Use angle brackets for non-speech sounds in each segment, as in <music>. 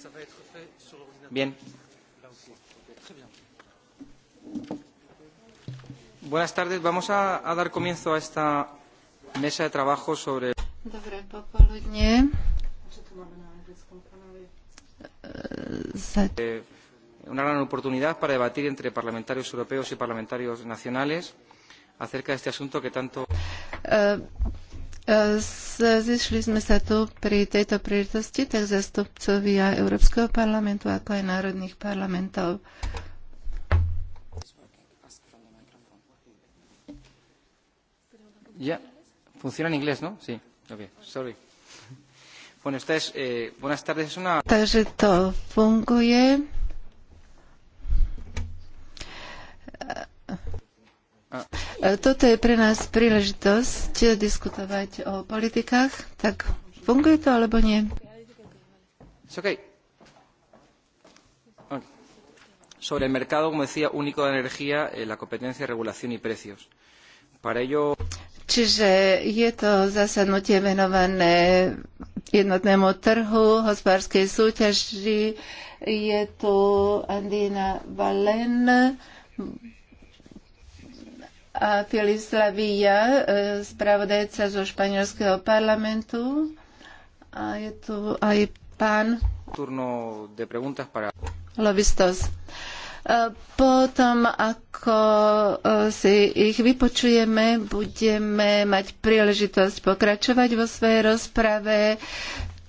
Ça va être fait sur l'ordinateur. Bien. Là aussi. Très bien. Buenas tardes. Vamos a, a dar comienzo a esta mesa de trabajo sobre. Dobré popoludne. Eh, una gran oportunidad para debatir entre parlamentarios europeos y parlamentarios nacionales acerca de este asunto que tanto. Uh Zišli sme sa tu pri tejto príležitosti, tak zastupcovia Európskeho parlamentu, ako aj národných parlamentov. Funciona en inglés, ¿no? Sí. Sorry. Bueno, esta es, eh, buenas tardes. Es una... Takže to funguje. E, toto je pre nás príležitosť diskutovať o politikách. Tak funguje to alebo nie? It's okay. Sobre el mercado, como decía, único de energía, eh, la competencia, regulación y precios. Para ello. Čiže je to zasadnutie venované jednotnému trhu, hospodárskej súťaži. Je tu Andina Valen, a Feliz spravodajca zo španielského parlamentu. A je tu aj pán turno de preguntas para... Lobistos. E, potom, ako e, si ich vypočujeme, budeme mať príležitosť pokračovať vo svojej rozprave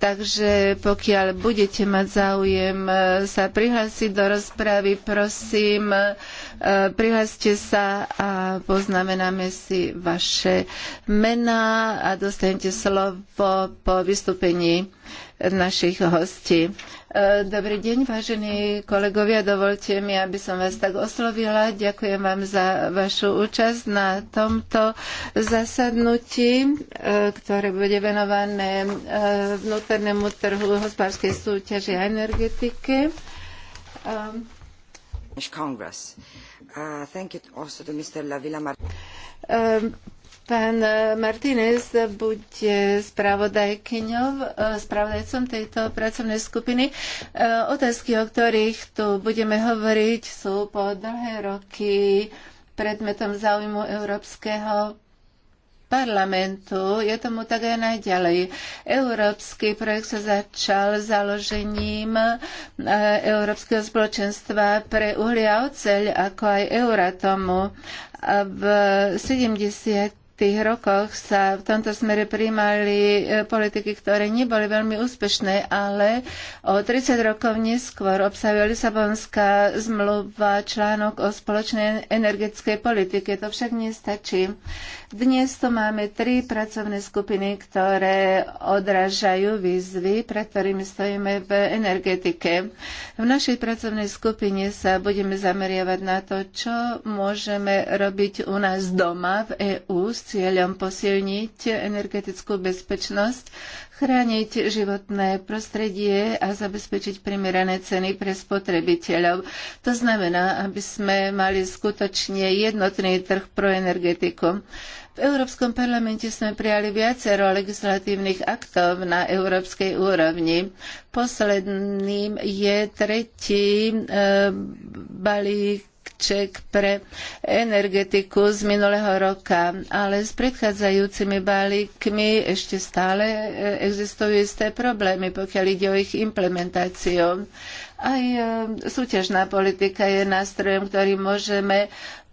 Takže pokiaľ budete mať záujem e, sa prihlásiť do rozpravy, prosím, e, prihláste sa a poznamenáme si vaše mená a dostanete slovo po vystúpení našich hostí. E, dobrý deň, vážení kolegovia, dovolte mi, aby som vás tak oslovila. Ďakujem vám za vašu účasť na tomto zasadnutí, e, ktoré bude venované e, vnútornému trhu hospodárskej súťaže a energetike. Congress. Uh, thank you also to Mr. Lavilla Mar- um, Pán e, Martinez bude spravodajkyňou, e, spravodajcom tejto pracovnej skupiny. E, otázky, o ktorých tu budeme hovoriť, sú po dlhé roky predmetom záujmu Európskeho parlamentu. Je tomu tak aj najďalej. Európsky projekt sa začal založením Európskeho spoločenstva pre uhlia oceľ, ako aj Euratomu. A v 70 tých rokoch sa v tomto smere príjmali e, politiky, ktoré neboli veľmi úspešné, ale o 30 rokov neskôr obsahuje Lisabonská zmluva článok o spoločnej energetickej politike. To však nestačí. Dnes tu máme tri pracovné skupiny, ktoré odražajú výzvy, pre ktorými stojíme v energetike. V našej pracovnej skupine sa budeme zameriavať na to, čo môžeme robiť u nás doma v EU. s cieľom posilniť energetickú bezpečnosť, chrániť životné prostredie a zabezpečiť primerané ceny pre spotrebiteľov. To znamená, aby sme mali skutočne jednotný trh pro energetiku. V Európskom parlamente sme prijali viacero legislatívnych aktov na európskej úrovni. Posledným je tretí e, balík balíček pre energetiku z minulého roka, ale s predchádzajúcimi balíkmi ešte stále e, existujú isté problémy, pokiaľ ide o ich implementáciu. Aj e, súťažná politika je nástrojom, ktorý môžeme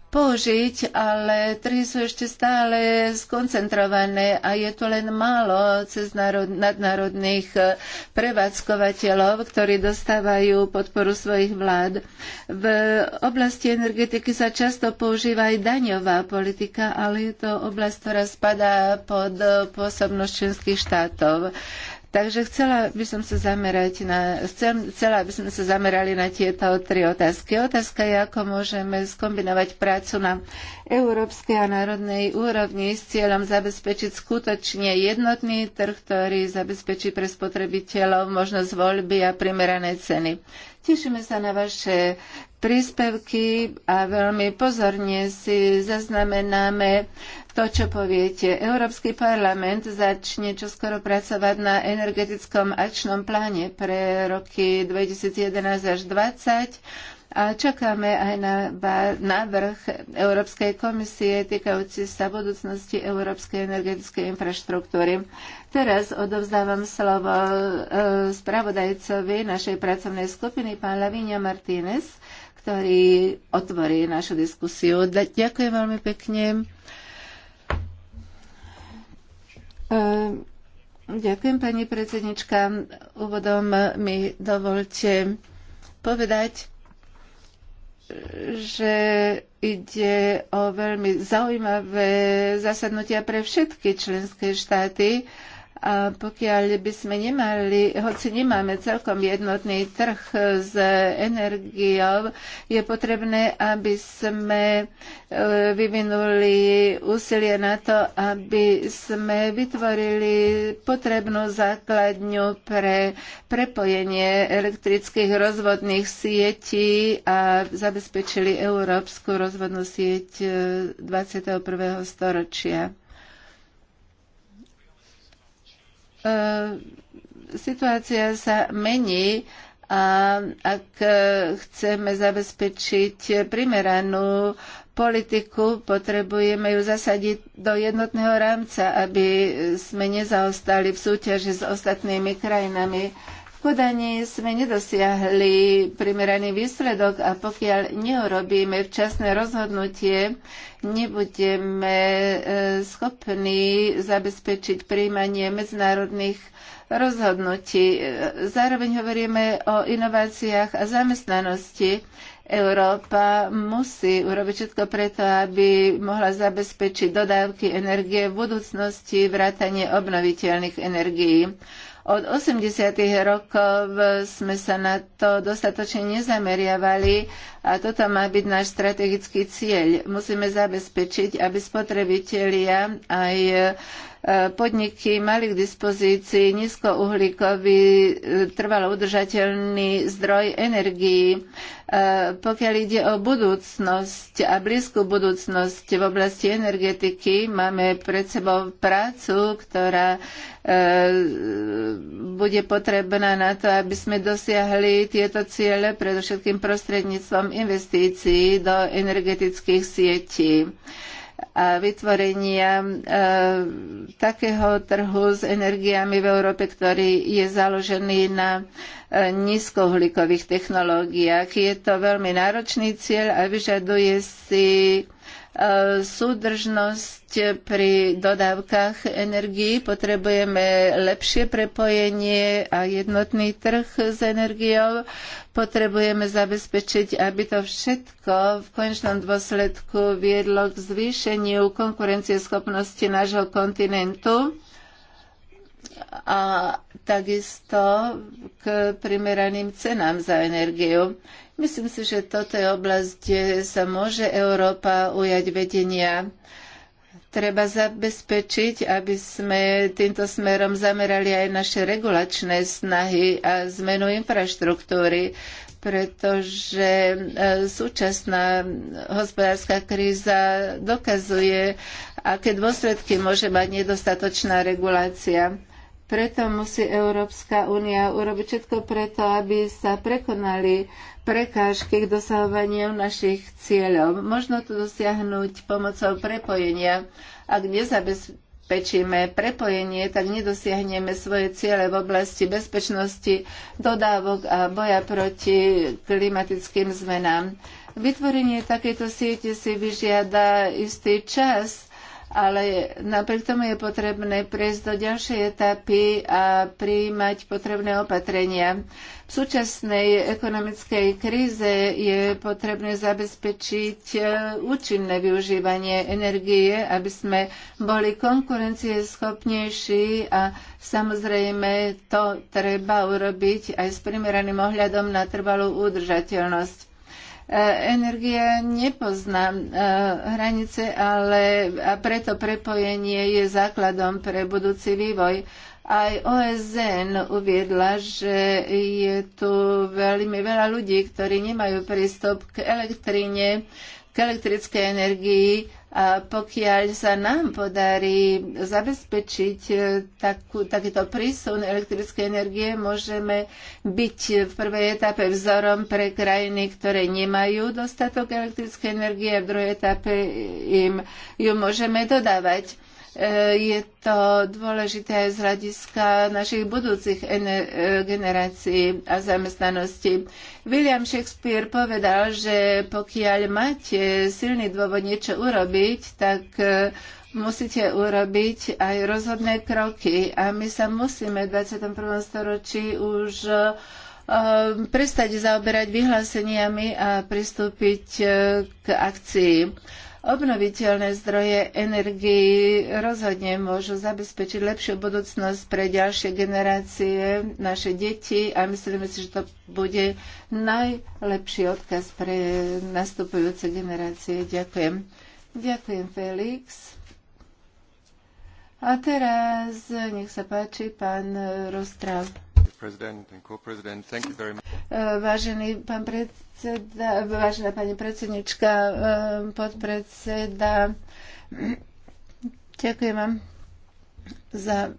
použiť, ale trhy sú ešte stále skoncentrované a je tu len málo cez národ, nadnárodných e, prevádzkovateľov, ktorí dostávajú podporu svojich vlád. V oblasti energetiky sa často používa aj daňová politika, ale je to oblasť, ktorá spadá pod pôsobnosť členských štátov. Takže chcela by som sa zamerať na, chcela by sme sa zamerali na tieto tri otázky. Otázka je, ako môžeme skombinovať prácu na európskej a národnej úrovni s cieľom zabezpečiť skutočne jednotný trh, ktorý zabezpečí pre spotrebiteľov možnosť voľby a primerané ceny. Tešíme sa na vaše príspevky a veľmi pozorne si zaznamenáme to, čo poviete. Európsky parlament začne čoskoro pracovať na energetickom akčnom pláne pre roky 2011 až 2020 a čakáme aj na návrh Európskej komisie týkajúci sa budúcnosti európskej energetickej infraštruktúry. Teraz odovzdávam slovo e, spravodajcovi našej pracovnej skupiny, pán Lavinia Martínez ktorý otvorí našu diskusiu. Ďakujem veľmi pekne. Ehm, ďakujem, pani predsednička. Úvodom mi dovolte povedať, že ide o veľmi zaujímavé zasadnutia pre všetky členské štáty a pokiaľ by sme nemali, hoci nemáme celkom jednotný trh s energiou, je potrebné, aby sme e, vyvinuli úsilie na to, aby sme vytvorili potrebnú základňu pre prepojenie elektrických rozvodných sietí a zabezpečili európsku rozvodnú sieť e, 21. storočia. E, situácia sa mení a ak chceme zabezpečiť primeranú politiku, potrebujeme ju zasadiť do jednotného rámca, aby sme nezaostali v súťaži s ostatnými krajinami. Kodani sme nedosiahli primeraný výsledok a pokiaľ neurobíme včasné rozhodnutie, nebudeme e, schopní zabezpečiť príjmanie medzinárodných rozhodnutí. Zároveň hovoríme o inováciách a zamestnanosti. Európa musí urobiť všetko preto, aby mohla zabezpečiť dodávky energie v budúcnosti, vrátanie obnoviteľných energií. Od 80. rokov sme sa na to dostatočne nezameriavali a toto má byť náš strategický cieľ. Musíme zabezpečiť, aby spotrebitelia aj podniky mali k dispozícii nízkouhlíkový e, trvalo udržateľný zdroj energií. E, pokiaľ ide o budúcnosť a blízku budúcnosť v oblasti energetiky, máme pred sebou prácu, ktorá e, bude potrebná na to, aby sme dosiahli tieto ciele, predovšetkým prostredníctvom investícií do energetických sietí a vytvorenia e, takého trhu s energiami v Európe, ktorý je založený na e, nízkouhlíkových technológiách. Je to veľmi náročný cieľ a vyžaduje si E, súdržnosť pri dodávkach energií, potrebujeme lepšie prepojenie a jednotný trh s energiou, potrebujeme zabezpečiť, aby to všetko v konečnom dôsledku viedlo k zvýšeniu konkurencieschopnosti nášho kontinentu a takisto k primeraným cenám za energiu. Myslím si, že toto je oblasť, kde sa môže Európa ujať vedenia. Treba zabezpečiť, aby sme týmto smerom zamerali aj naše regulačné snahy a zmenu infraštruktúry, pretože e, súčasná hospodárska kríza dokazuje, aké dôsledky môže mať nedostatočná regulácia preto musí Európska únia urobiť všetko preto, aby sa prekonali prekážky k dosahovaniu našich cieľov. Možno to dosiahnuť pomocou prepojenia. Ak nezabezpečíme prepojenie, tak nedosiahneme svoje ciele v oblasti bezpečnosti, dodávok a boja proti klimatickým zmenám. Vytvorenie takejto siete si vyžiada istý čas ale napriek tomu je potrebné prejsť do ďalšej etapy a prijímať potrebné opatrenia. V súčasnej ekonomickej kríze je potrebné zabezpečiť e, účinné využívanie energie, aby sme boli konkurencieschopnejší a samozrejme to treba urobiť aj s primeraným ohľadom na trvalú udržateľnosť. Energia nepozná e, hranice, ale a preto prepojenie je základom pre budúci vývoj. Aj OSN uviedla, že je tu veľmi veľa ľudí, ktorí nemajú prístup k elektrine, k elektrickej energii a pokiaľ sa nám podarí zabezpečiť e, takú, takýto prísun elektrickej energie, môžeme byť v prvej etape vzorom pre krajiny, ktoré nemajú dostatok elektrickej energie a v druhej etape im ju môžeme dodávať. E, je to dôležité aj z hľadiska našich budúcich e, generácií a zamestnanosti. William Shakespeare povedal, že pokiaľ máte silný dôvod niečo urobiť, tak e, musíte urobiť aj rozhodné kroky a my sa musíme v 21. storočí už prestať zaoberať vyhláseniami a pristúpiť k akcii. Obnoviteľné zdroje energii rozhodne môžu zabezpečiť lepšiu budúcnosť pre ďalšie generácie, naše deti a myslíme si, že to bude najlepší odkaz pre nastupujúce generácie. Ďakujem. Ďakujem, Felix. A teraz nech sa páči pán Rostrav. E, vážený pán predseda, vážená pani predsednička, e, podpredseda, ďakujem vám za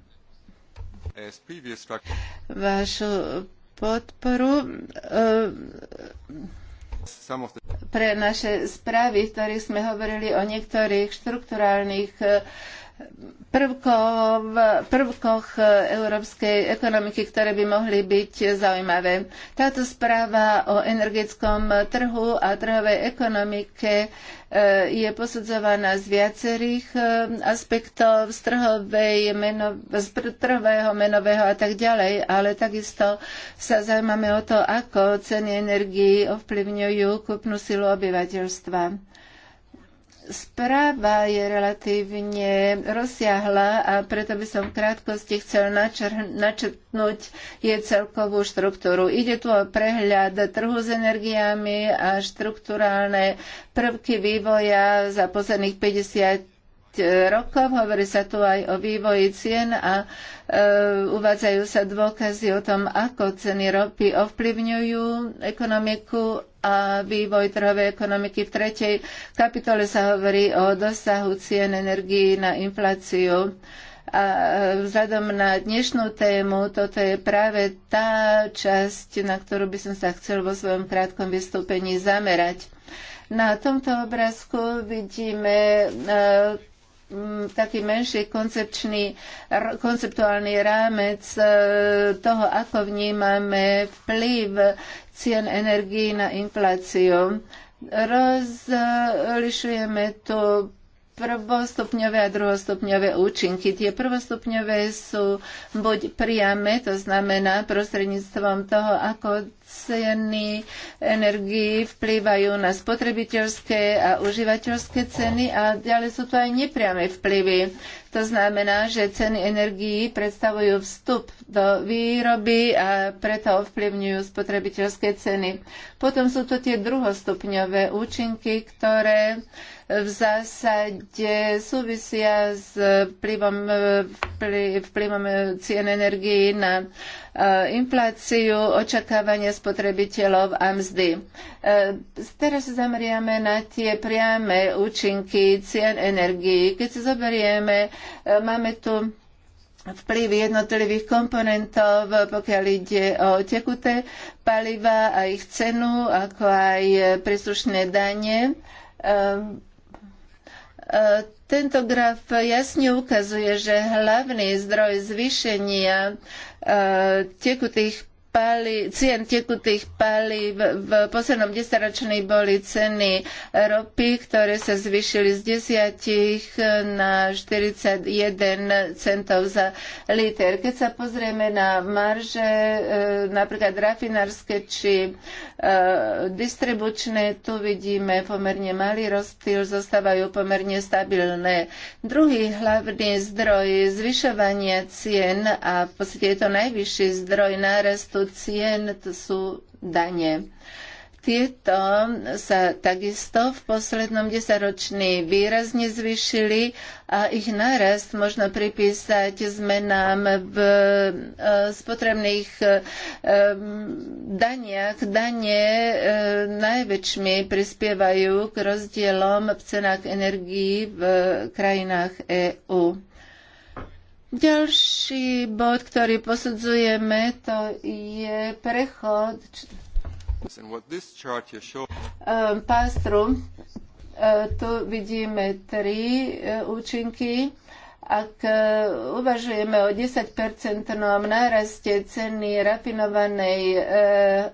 vašu podporu e, pre naše správy, v ktorých sme hovorili o niektorých štrukturálnych prvkov, prvkoch európskej ekonomiky, ktoré by mohli byť zaujímavé. Táto správa o energetickom trhu a trhovej ekonomike e, je posudzovaná z viacerých e, aspektov z, trhovej, meno, z trhového, menového a tak ďalej, ale takisto sa zaujímame o to, ako ceny energii ovplyvňujú kúpnu silu obyvateľstva. Správa je relatívne rozsiahla a preto by som v krátkosti chcel načr- načrtnúť jej celkovú štruktúru. Ide tu o prehľad trhu s energiami a štruktúrálne prvky vývoja za posledných 50 e, rokov. Hovorí sa tu aj o vývoji cien a e, uvádzajú sa dôkazy o tom, ako ceny ropy ovplyvňujú ekonomiku a vývoj trhovej ekonomiky. V tretej kapitole sa hovorí o dosahu cien energií na infláciu. A vzhľadom na dnešnú tému, toto je práve tá časť, na ktorú by som sa chcel vo svojom krátkom vystúpení zamerať. Na tomto obrázku vidíme e, taký menší koncepčný, konceptuálny rámec e, toho, ako vnímame vplyv cien energií na infláciu. Rozlišujeme tu prvostupňové a druhostupňové účinky. Tie prvostupňové sú buď priame, to znamená prostredníctvom toho, ako ceny energii vplývajú na spotrebiteľské a užívateľské ceny a ďalej sú to aj nepriame vplyvy. To znamená, že ceny energií predstavujú vstup do výroby a preto ovplyvňujú spotrebiteľské ceny. Potom sú to tie druhostupňové účinky, ktoré v zásade súvisia s vplyvom, vplyvom cien energií na Eh, infláciu, očakávania spotrebiteľov a mzdy. Eh, teraz sa zameriame na tie priame účinky cien energií. Keď si zoberieme, eh, máme tu vplyv jednotlivých komponentov, pokiaľ ide o tekuté paliva a ich cenu, ako aj príslušné dane tento graf jasne ukazuje, že hlavný zdroj zvýšenia e, tekutých Pali, cien tekutých palí v, v poslednom desaťročí boli ceny ropy, ktoré sa zvyšili z desiatich na 41 centov za liter. Keď sa pozrieme na marže, e, napríklad rafinárske či e, distribučné, tu vidíme pomerne malý rozptyl, zostávajú pomerne stabilné. Druhý hlavný zdroj zvyšovania cien a v podstate je to najvyšší zdroj nárastu sú cien, to sú dane. Tieto sa takisto v poslednom desaťročí výrazne zvyšili a ich nárast možno pripísať zmenám v e, spotrebných e, daniach. Dane e, najväčšmi prispievajú k rozdielom v cenách energií v krajinách EÚ. Ďalší bod, ktorý posudzujeme, to je prechod ehm, pastru. Ehm, tu vidíme tri e, účinky. Ak e, uvažujeme o 10-percentnom náraste ceny rafinovanej e,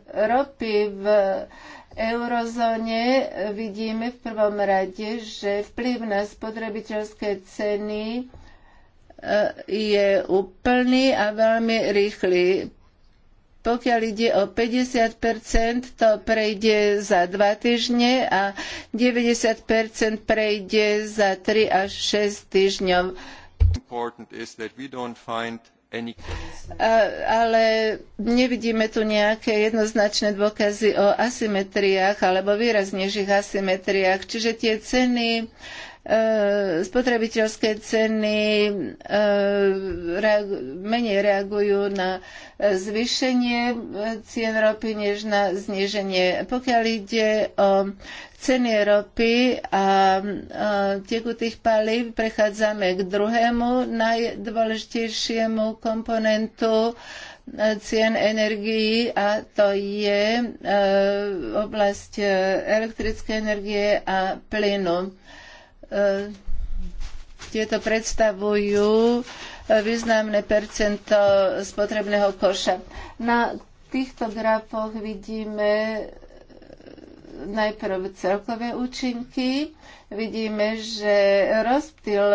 ropy v eurozóne, vidíme v prvom rade, že vplyv na spotrebiteľské ceny je úplný a veľmi rýchly. Pokiaľ ide o 50%, to prejde za 2 týždne a 90% prejde za 3 až 6 týždňov. Ale nevidíme tu nejaké jednoznačné dôkazy o asymetriách alebo výraznejších asymetriách. Čiže tie ceny uh, E, spotrebiteľské ceny e, menej reagujú na zvýšenie cien ropy než na zníženie. Pokiaľ ide o ceny ropy a tekutých palív, prechádzame k druhému najdôležitejšiemu komponentu e, cien energií a to je oblasť elektrické energie a plynu. E, tieto predstavujú e, významné percento spotrebného koša. Na týchto grafoch vidíme e, najprv celkové účinky. Vidíme, že rozptyl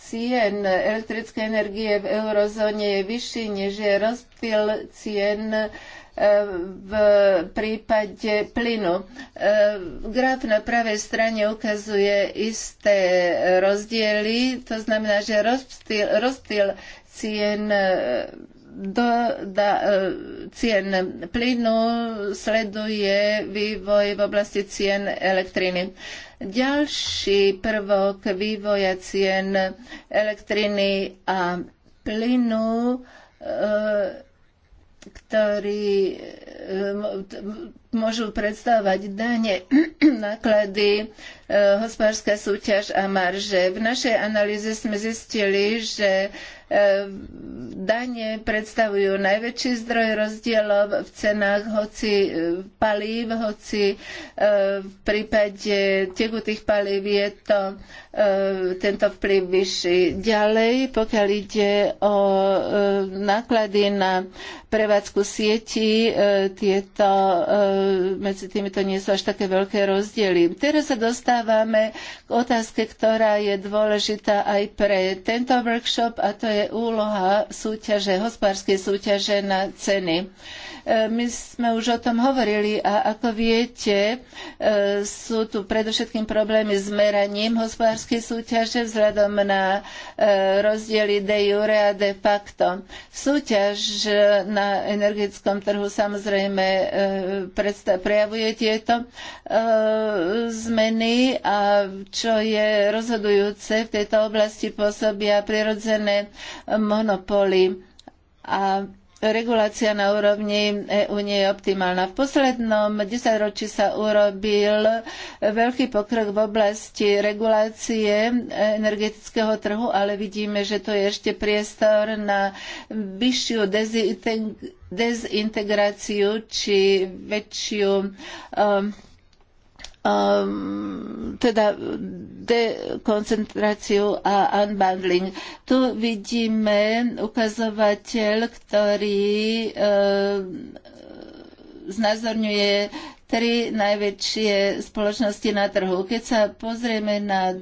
cien elektrickej energie v eurozóne je vyšší, než je rozptyl cien v prípade plynu. E, graf na pravej strane ukazuje isté rozdiely, to znamená, že rozptyl, cien e, do, da, e, cien plynu sleduje vývoj v oblasti cien elektriny. Ďalší prvok vývoja cien elektriny a plynu e, ktorý môžu predstavovať dane, <clears throat> náklady, e, hospodárska súťaž a marže. V našej analýze sme zistili, že e, dane predstavujú najväčší zdroj rozdielov v cenách, hoci e, palív, hoci v prípade tekutých palív je to tento vplyv vyšší. Ďalej, pokiaľ ide o náklady na prevádzku sieti, tieto medzi týmito nie sú až také veľké rozdiely. Teraz sa dostávame k otázke, ktorá je dôležitá aj pre tento workshop a to je úloha súťaže, hospodárskej súťaže na ceny. E, my sme už o tom hovorili a ako viete, e, sú tu predovšetkým problémy s meraním hospodárskej súťaže vzhľadom na e, rozdiely de jure a de facto. Súťaž na energetickom trhu samozrejme pre predstav, prejavuje tieto e, zmeny a čo je rozhodujúce, v tejto oblasti pôsobia prirodzené monopoly. A regulácia na úrovni EÚ nie je optimálna. V poslednom desaťročí sa urobil veľký pokrok v oblasti regulácie energetického trhu, ale vidíme, že to je ešte priestor na vyššiu dezintegráciu či väčšiu um, um, teda dekoncentráciu a unbundling. Tu vidíme ukazovateľ, ktorý um, znázorňuje tri najväčšie spoločnosti na trhu. Keď sa pozrieme na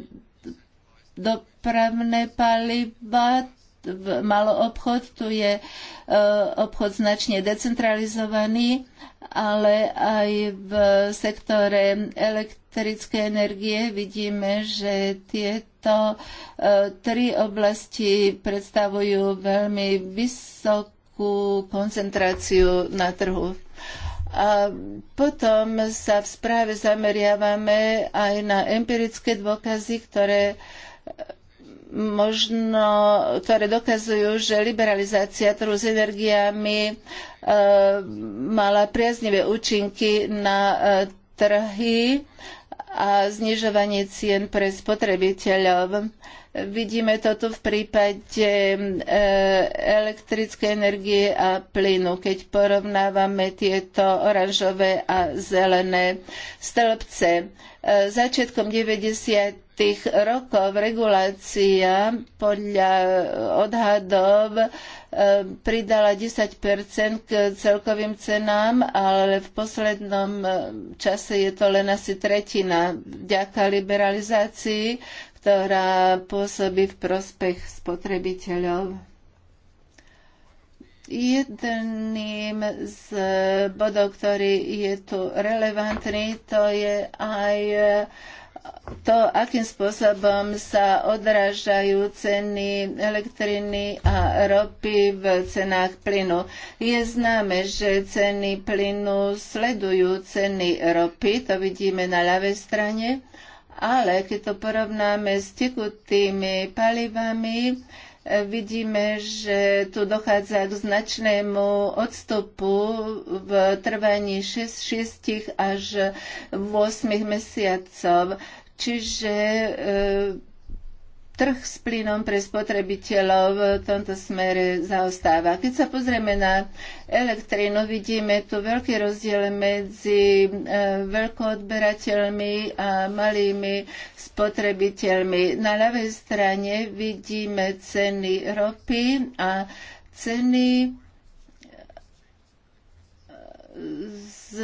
dopravné paliva, v maloobchod, tu je e, obchod značne decentralizovaný, ale aj v sektore elektrické energie vidíme, že tieto e, tri oblasti predstavujú veľmi vysokú koncentráciu na trhu. A potom sa v správe zameriavame aj na empirické dôkazy, ktoré možno, ktoré dokazujú, že liberalizácia trhu s energiami e, mala priaznivé účinky na e, trhy a znižovanie cien pre spotrebiteľov. Vidíme to tu v prípade e, elektrickej energie a plynu, keď porovnávame tieto oranžové a zelené stĺpce. E, začiatkom 90 tých rokov regulácia podľa odhadov e, pridala 10 k celkovým cenám, ale v poslednom e, čase je to len asi tretina vďaka liberalizácii, ktorá pôsobí v prospech spotrebiteľov. Jedným z bodov, ktorý je tu relevantný, to je aj to, akým spôsobom sa odrážajú ceny elektriny a ropy v cenách plynu. Je známe, že ceny plynu sledujú ceny ropy, to vidíme na ľavej strane, ale keď to porovnáme s tekutými palivami, vidíme, že tu dochádza k značnému odstupu v trvaní 6, 6 až 8 mesiacov. Čiže e, trh s plynom pre spotrebiteľov v tomto smere zaostáva. Keď sa pozrieme na elektrínu, vidíme tu veľký rozdiel medzi e, veľkoodberateľmi a malými spotrebiteľmi. Na ľavej strane vidíme ceny ropy a ceny z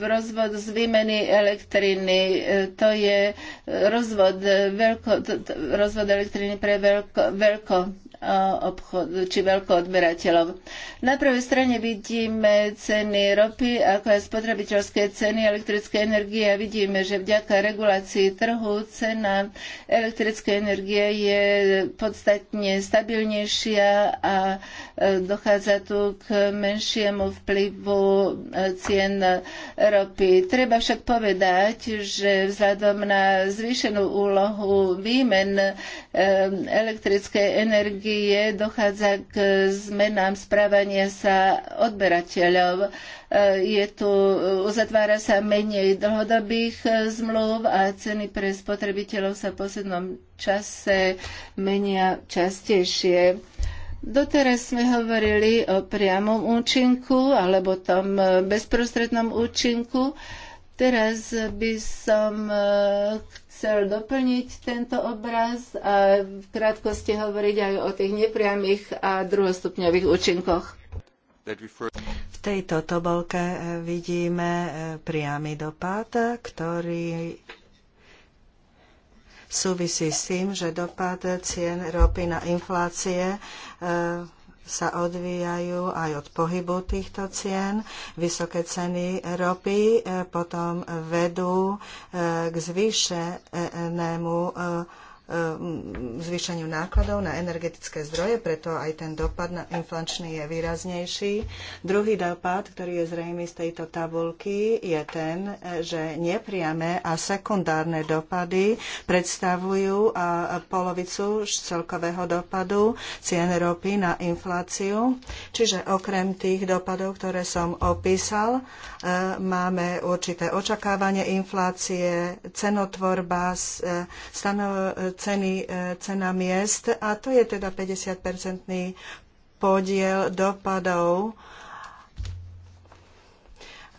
rozvod z výmeny elektriny. E, to je rozvod, veľko, to, to, rozvod elektriny pre veľko, veľko Eh, obchod, či veľkoodberateľov. Na prvej strane vidíme ceny ropy, ako aj spotrebiteľské ceny elektrické energie a vidíme, že vďaka regulácii trhu cena elektrické energie je podstatne stabilnejšia a eh, dochádza tu k menšiemu vplyvu eh, cien ropy. Treba však povedať, že vzhľadom na zvýšenú úlohu výmen elektrickej energie energie dochádza k zmenám správania sa odberateľov. E, je tu, uzatvára sa menej dlhodobých e, zmluv a ceny pre spotrebiteľov sa v poslednom čase menia častejšie. Doteraz sme hovorili o priamom účinku alebo tom e, bezprostrednom účinku. Teraz by som chcel doplniť tento obraz a v krátkosti hovoriť aj o tých nepriamých a druhostupňových účinkoch. V tejto tobolke e, vidíme e, priamy dopad, ktorý súvisí s tým, že dopad cien ropy na inflácie e, sa odvíjajú aj od pohybu týchto cien. Vysoké ceny ropy e, potom vedú e, k zvýšenému e, E, zvýšeniu nákladov na energetické zdroje, preto aj ten dopad na inflačný je výraznejší. Druhý dopad, ktorý je zrejmý z tejto tabulky, je ten, že nepriame a sekundárne dopady predstavujú polovicu celkového dopadu cien ropy na infláciu. Čiže okrem tých dopadov, ktoré som opísal, e, máme určité očakávanie inflácie, cenotvorba, e, stanov, ceny, e, cena miest a to je teda 50-percentný podiel dopadov.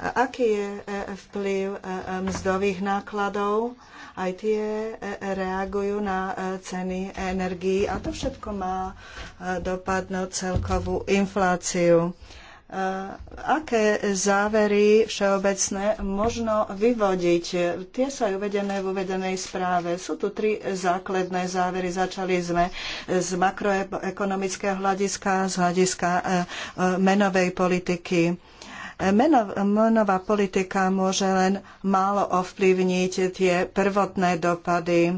Aký je e, vplyv e, mzdových nákladov? Aj tie reagujú na ceny energií a to všetko má dopad na celkovú infláciu. Aké závery všeobecné možno vyvodiť? Tie sú aj uvedené v uvedenej správe. Sú tu tri základné závery. Začali sme z makroekonomického hľadiska, z hľadiska e, e, menovej politiky menová politika môže len málo ovplyvniť tie prvotné dopady, e,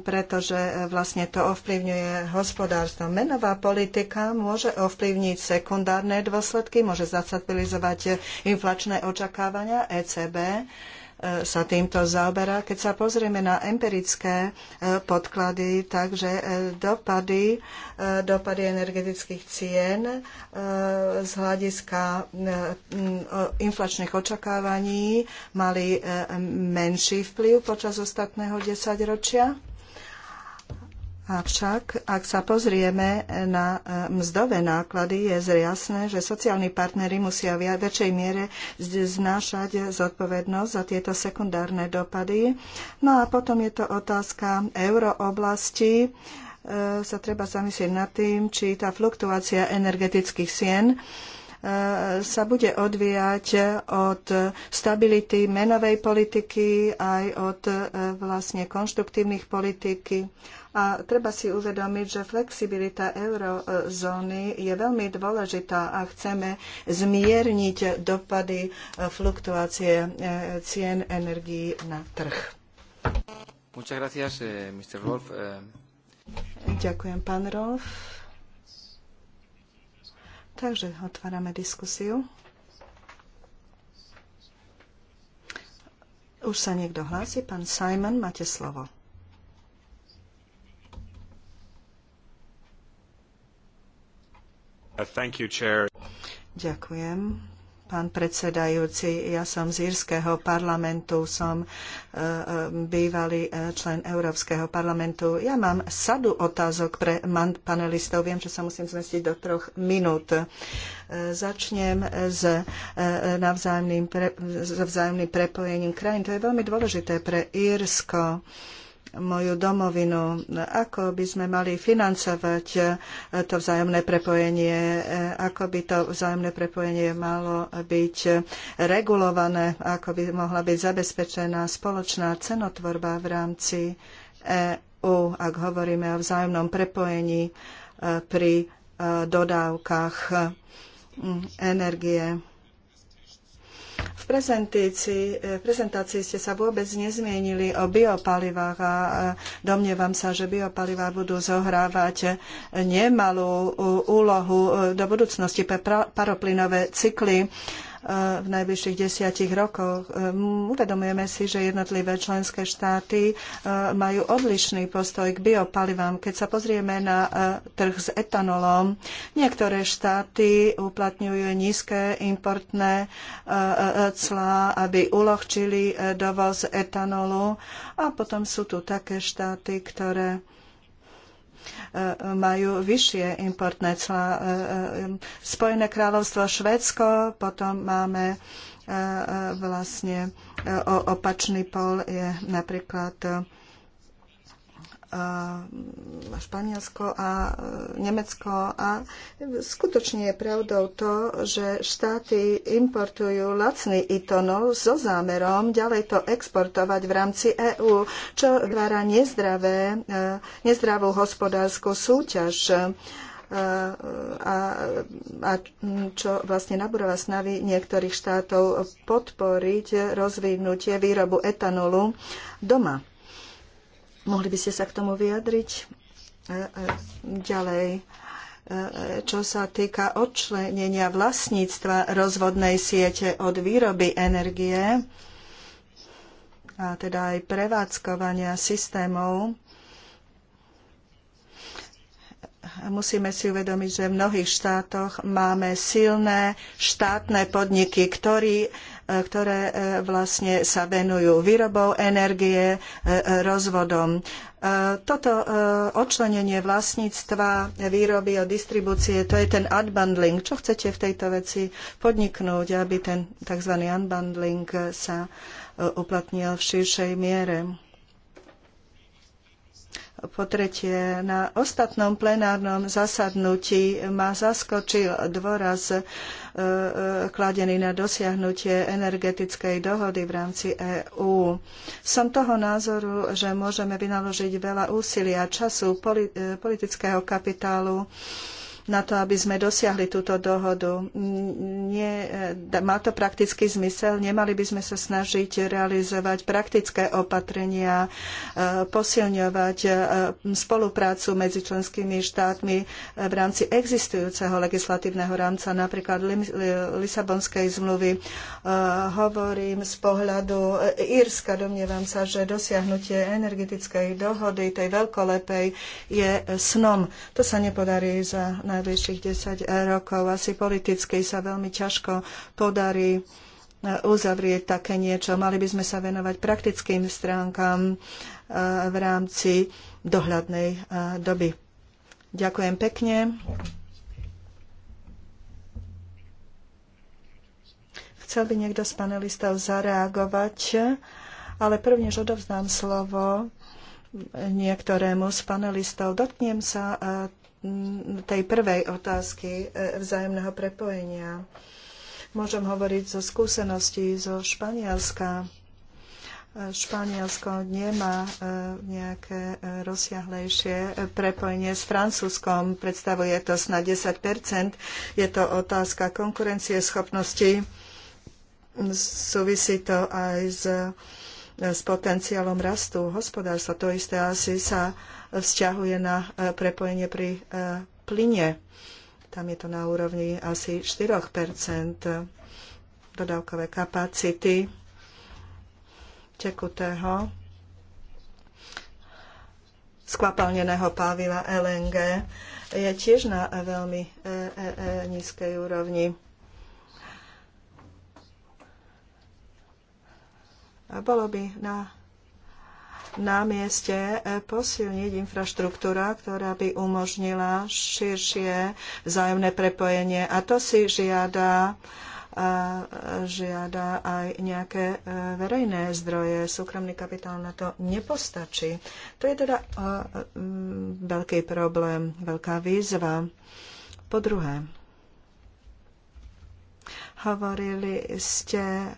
pretože vlastne to ovplyvňuje hospodárstvo. Menová politika môže ovplyvniť sekundárne dôsledky, môže zastabilizovať inflačné očakávania ECB sa týmto zaoberá. Keď sa pozrieme na empirické e, podklady, takže e, dopady, e, dopady energetických cien z hľadiska inflačných očakávaní mali menší vplyv počas ostatného desaťročia? Avšak, ak sa pozrieme na e, mzdové náklady, je zjasné, že sociálni partnery musia v väčšej miere znášať zodpovednosť za tieto sekundárne dopady. No a potom je to otázka eurooblasti e, sa treba zamyslieť nad tým, či tá fluktuácia energetických sien e, sa bude odvíjať od stability menovej politiky aj od vlastne konštruktívnych politiky a treba si uvedomiť, že flexibilita eurozóny je veľmi dôležitá a chceme zmierniť dopady e, fluktuácie e, cien energií na trh. Gracias, eh, eh, Ďakujem, pán Rolf. Takže otvárame diskusiu. Už sa niekto hlási. Pán Simon, máte slovo. Uh, Ďakujem. Pán predsedajúci, ja som z Írskeho parlamentu, som uh, uh, bývalý člen Európskeho parlamentu. Ja mám sadu otázok pre panelistov. Viem, že sa musím zmestiť do troch minút. Začnem s navzájomným, pre, prepojením krajín. To je veľmi dôležité pre Írsko moju domovinu, ako by sme mali financovať e, to vzájomné prepojenie, e, ako by to vzájomné prepojenie malo byť regulované, ako by mohla byť zabezpečená spoločná cenotvorba v rámci EÚ, ak hovoríme o vzájomnom prepojení e, pri dodávkach energie v prezentácii, eh, prezentácii ste sa vôbec nezmienili o biopalivách a eh, domnievam sa, že biopalivá budú zohrávať eh, nemalú úlohu do budúcnosti pre paroplynové cykly v najbližších desiatich rokoch. E, uvedomujeme si, že jednotlivé členské štáty e, majú odlišný postoj k biopalivám. Keď sa pozrieme na e, trh s etanolom, niektoré štáty uplatňujú nízke importné clá, aby uľahčili dovoz etanolu a potom sú tu také štáty, ktoré E, majú vyššie importné clá. E, e, Spojené kráľovstvo, Švédsko, potom máme vlastne opačný pol je napríklad Španielsko a e, Nemecko. A skutočne je pravdou to, že štáty importujú lacný itonov so zámerom ďalej to exportovať v rámci EÚ, čo vytvára nezdravé, e, nezdravú hospodárskú súťaž e, a, a čo vlastne nabúrava snavy niektorých štátov podporiť rozvinutie výrobu etanolu doma. Mohli by ste sa k tomu vyjadriť e, e, ďalej? E, čo sa týka odčlenenia vlastníctva rozvodnej siete od výroby energie, a teda aj prevádzkovania systémov, musíme si uvedomiť, že v mnohých štátoch máme silné štátne podniky, ktorí ktoré e, vlastne sa venujú výrobou energie, e, e, rozvodom. Toto odčlenenie vlastníctva, výroby a distribúcie, to je ten unbundling. Čo chcete v tejto veci podniknúť, aby ten tzv. unbundling sa uplatnil v širšej miere? Po tretie, na ostatnom plenárnom zasadnutí ma zaskočil dôraz E, e, kladený na dosiahnutie energetickej dohody v rámci EÚ. Som toho názoru, že môžeme vynaložiť veľa úsilia, času, e, politického kapitálu, na to, aby sme dosiahli túto dohodu. Nie, e, má to praktický zmysel, nemali by sme sa snažiť realizovať praktické opatrenia, e, posilňovať e, spoluprácu medzi členskými štátmi v rámci existujúceho legislatívneho rámca, napríklad Lisabonskej zmluvy. Hovorím z pohľadu Írska, domnievam sa, že dosiahnutie energetickej dohody, tej veľkolepej, je snom. To sa nepodarí za naj najbližších 10 rokov. Asi politicky sa veľmi ťažko podarí e, uzavrieť také niečo. Mali by sme sa venovať praktickým stránkam e, v rámci dohľadnej e, doby. Ďakujem pekne. Chcel by niekto z panelistov zareagovať, ale než odovzdám slovo niektorému z panelistov. Dotknem sa tej prvej otázky e, vzájomného prepojenia. Môžem hovoriť zo skúseností zo Španielska. E, Španielsko nemá e, nejaké rozsiahlejšie prepojenie s Francúzskom. Predstavuje to snad 10 Je to otázka konkurencieschopnosti. Súvisí to aj s, s potenciálom rastu hospodárstva. To isté asi sa vzťahuje na e, prepojenie pri e, plyne. Tam je to na úrovni asi 4 dodávkové kapacity tekutého skvapalneného páviva LNG je tiež na e, veľmi e, e, e, nízkej úrovni. A bolo by na na mieste eh, posilniť infraštruktúra, ktorá by umožnila širšie vzájomné prepojenie. A to si žiada eh, žiada aj nejaké eh, verejné zdroje. Súkromný kapitál na to nepostačí. To je teda mm, veľký problém, veľká výzva. Po druhé, hovorili ste,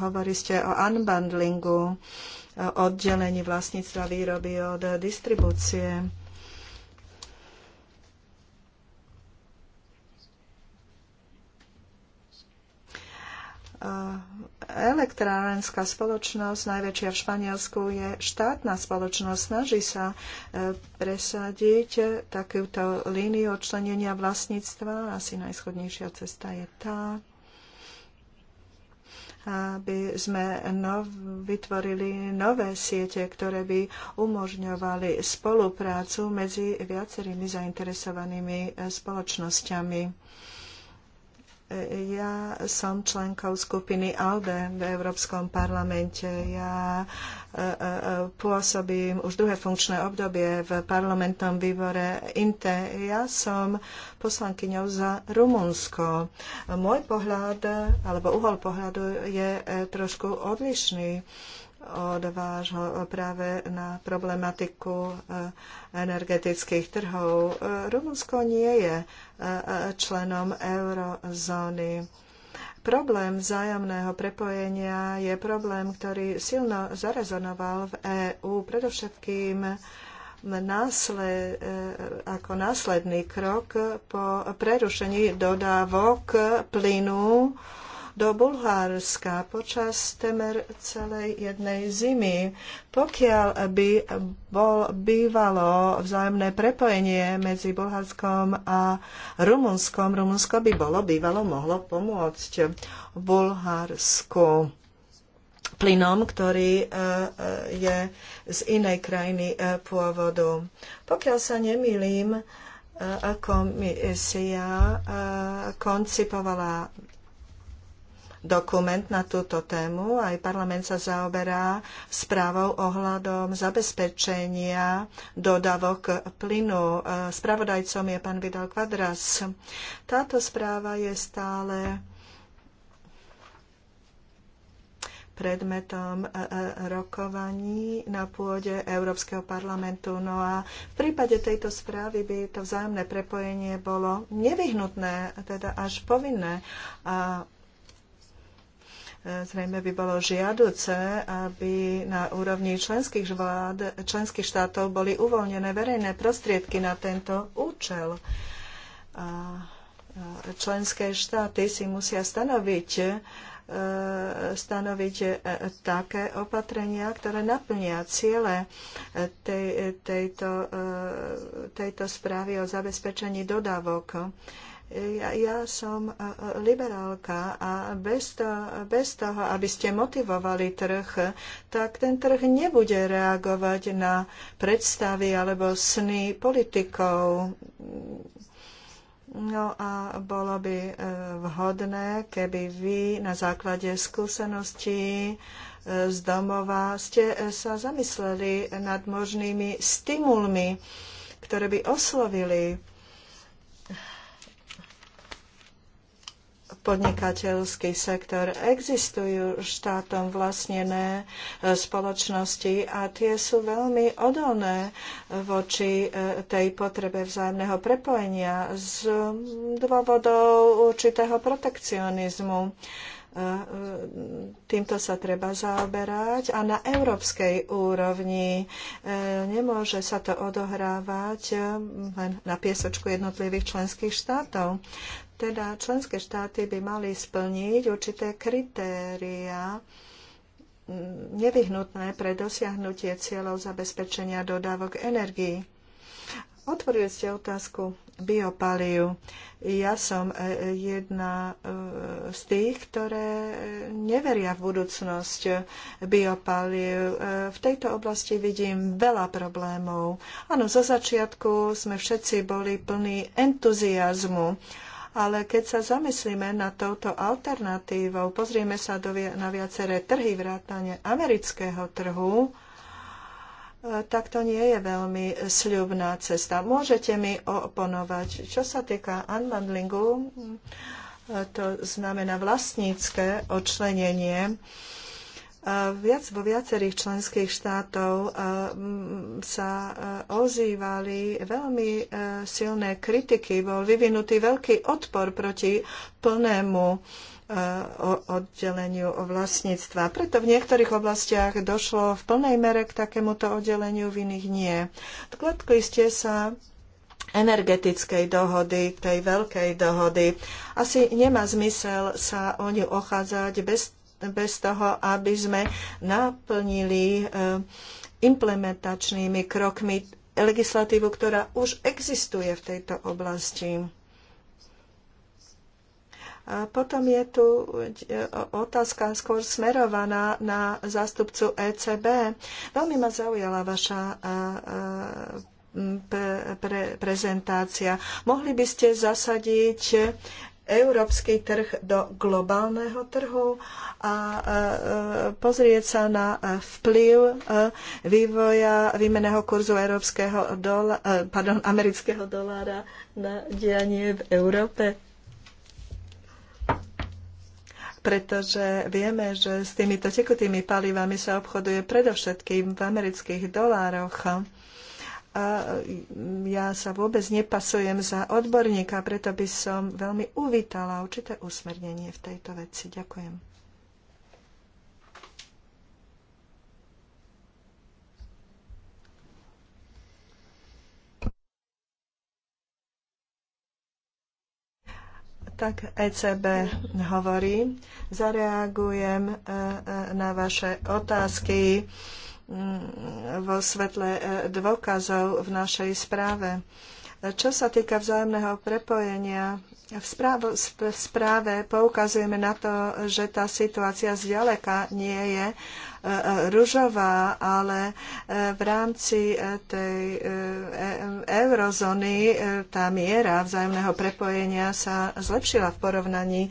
hovorili ste o unbundlingu oddelení vlastníctva výroby od distribúcie. elektrárenská spoločnosť, najväčšia v Španielsku, je štátna spoločnosť. Snaží sa e, presadiť takúto líniu odčlenenia vlastníctva. Asi najschodnejšia cesta je tá, aby sme nov, vytvorili nové siete, ktoré by umožňovali spoluprácu medzi viacerými zainteresovanými eh, spoločnosťami ja som členkou skupiny ALDE v Európskom parlamente. Ja e, e, e, pôsobím už druhé funkčné obdobie v parlamentnom výbore INTE. Ja som poslankyňou za Rumunsko. Môj pohľad, alebo uhol pohľadu je trošku odlišný od vášho práve na problematiku eh, energetických trhov. Eh, Rumunsko nie je eh, členom eurozóny. Problém vzájomného prepojenia je problém, ktorý silno zarezonoval v EÚ, predovšetkým násled, ako následný krok po prerušení dodávok plynu do Bulhárska počas temer celej jednej zimy. Pokiaľ by bol bývalo vzájomné prepojenie medzi Bulharskom a Rumunskom, Rumunsko by bolo bývalo mohlo pomôcť Bulharsku plynom, ktorý e, e, je z inej krajiny e, pôvodu. Pokiaľ sa nemýlim, komisia koncipovala dokument na túto tému. Aj parlament sa zaoberá správou ohľadom zabezpečenia dodavok plynu. E, spravodajcom je pán Vidal Quadras. Táto správa je stále predmetom e, e, rokovaní na pôde Európskeho parlamentu. No a v prípade tejto správy by to vzájomné prepojenie bolo nevyhnutné, teda až povinné. A Zrejme by bolo žiaduce, aby na úrovni členských, vlád, členských štátov boli uvoľnené verejné prostriedky na tento účel. členské štáty si musia stanoviť e, stanoviť e, také opatrenia, ktoré naplnia ciele e, tej, tejto, tejto správy o zabezpečení dodávok ja, ja som e, e, liberálka a bez toho, bez toho, aby ste motivovali trh, tak ten trh nebude reagovať na predstavy alebo sny politikov. No a bolo by e, vhodné, keby vy na základe skúseností z domova ste sa zamysleli nad možnými stimulmi, ktoré by oslovili podnikateľský sektor. Existujú štátom vlastnené e, spoločnosti a tie sú veľmi odolné e, voči e, tej potrebe vzájomného prepojenia z mm, dôvodov určitého protekcionizmu týmto sa treba zaoberať a na európskej úrovni nemôže sa to odohrávať len na piesočku jednotlivých členských štátov. Teda členské štáty by mali splniť určité kritéria mm, nevyhnutné pre dosiahnutie cieľov zabezpečenia dodávok energií. Otvorili ste otázku biopaliu. Ja som e, jedna e, z tých, ktoré neveria v budúcnosť biopaliu. E, v tejto oblasti vidím veľa problémov. Áno, zo začiatku sme všetci boli plní entuziasmu ale keď sa zamyslíme nad touto alternatívou, pozrieme sa do, na viaceré trhy vrátane amerického trhu, e, tak to nie je veľmi sľubná cesta. Môžete mi oponovať. Čo sa týka unbundlingu, e, to znamená vlastnícke odčlenenie viac vo viacerých členských štátov sa ozývali veľmi e, silné kritiky. Bol vyvinutý veľký odpor proti plnému e, oddeleniu vlastníctva. Preto v niektorých oblastiach došlo v plnej mere k takémuto oddeleniu, v iných nie. Dotkli ste sa energetickej dohody, tej veľkej dohody. Asi nemá zmysel sa o ňu ochádzať bez bez toho, aby sme naplnili e, implementačnými krokmi legislatívu, ktorá už existuje v tejto oblasti. A potom je tu e, otázka skôr smerovaná na zástupcu ECB. Veľmi ma zaujala vaša e, prezentácia. Mohli by ste zasadiť európsky trh do globálneho trhu a e, e, pozrieť sa na vplyv e, vývoja výmeného kurzu európskeho dola, pardon, amerického dolára na dianie v Európe. Pretože vieme, že s týmito tekutými palivami sa obchoduje predovšetkým v amerických dolároch a ja sa vôbec nepasujem za odborníka, preto by som veľmi uvítala určité usmernenie v tejto veci. Ďakujem. tak ECB hovorí. Zareagujem e, e, na vaše otázky vo svetle e, dôkazov v našej správe. Čo sa týka vzájomného prepojenia v správe, poukazujeme na to, že tá situácia zďaleka nie je e, e, ružová, ale e, v rámci tej eurozóny tá miera vzájomného prepojenia sa zlepšila v porovnaní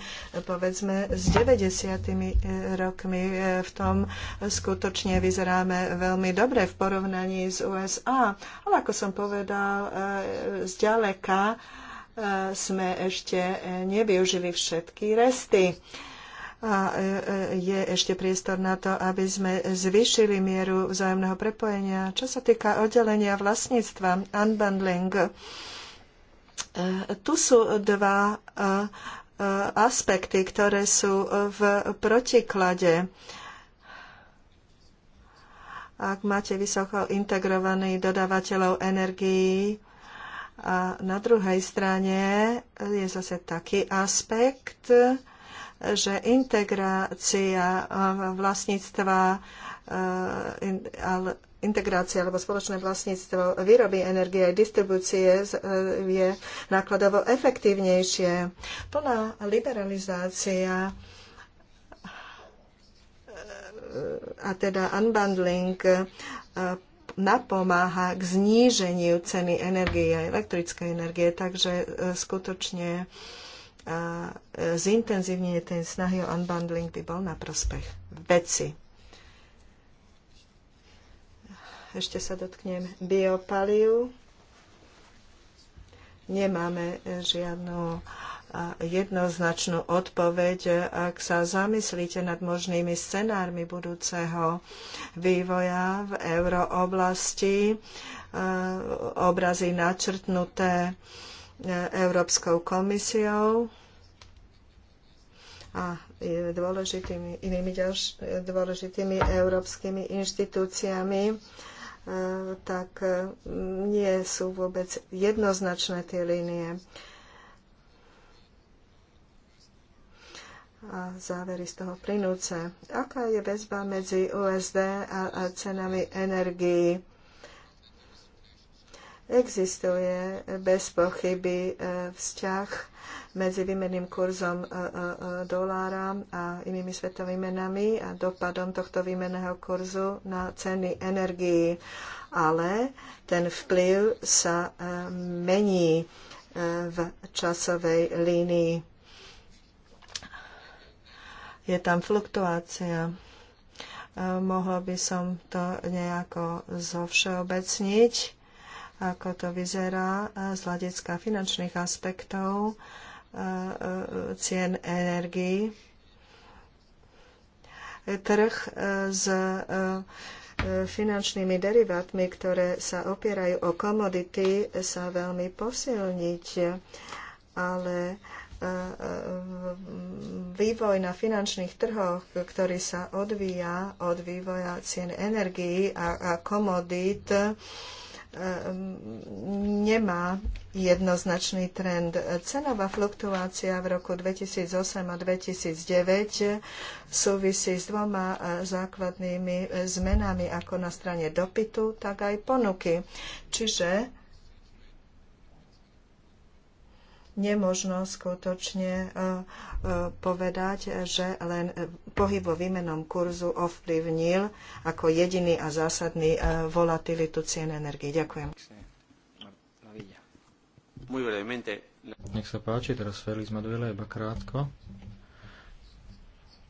povedzme s 90. rokmi. V tom skutočne vyzeráme veľmi dobre v porovnaní s USA, ale ako som povedal, zďaleka sme ešte nevyužili všetky resty a e, e, je ešte priestor na to, aby sme zvýšili mieru vzájomného prepojenia. Čo sa týka oddelenia vlastníctva, unbundling, e, tu sú dva aspekty, ktoré sú v protiklade. Ak máte vysoko integrovaný dodávateľov energií, a na druhej strane je zase taký aspekt, že integrácia vlastníctva e, integrácia alebo spoločné vlastníctvo výroby energie a distribúcie e, je nákladovo efektívnejšie. Plná liberalizácia e, a teda unbundling napomáha k zníženiu ceny energie, elektrickej energie, takže e, skutočne e, zintenzívnenie tej snahy o unbundling by bol na prospech veci. Ešte sa dotknem biopaliu. Nemáme žiadnu uh, jednoznačnú odpoveď, ak sa zamyslíte nad možnými scenármi budúceho vývoja v eurooblasti. Eh, obrazy načrtnuté eh, Európskou komisiou a dôležitými, inými ďalš, dôležitými európskymi inštitúciami, eh, tak nie sú vôbec jednoznačné tie línie. a závery z toho plynúce. Aká je väzba medzi USD a, a cenami energií? Existuje bez pochyby e, vzťah medzi výmenným kurzom e, e, dolára a inými svetovými menami a dopadom tohto výmenného kurzu na ceny energií. Ale ten vplyv sa mení v časovej línii je tam fluktuácia. Mohla by som to nejako zovšeobecniť, ako to vyzerá z hľadiska finančných aspektov cien energii, Trh s finančnými derivátmi, ktoré sa opierajú o komodity, sa veľmi posilniť, ale vývoj na finančných trhoch, ktorý sa odvíja od vývoja cien energií a, a komodít, e, nemá jednoznačný trend. Cenová fluktuácia v roku 2008 a 2009 súvisí s dvoma e, základnými e, zmenami, ako na strane dopytu, tak aj ponuky. Čiže nemožno skutočne e, e, povedať, že len e, pohyb vo výmenom kurzu ovplyvnil ako jediný a zásadný volatilitu cien energii. Ďakujem. Nech sa páči, teraz Feliz Maduela iba krátko.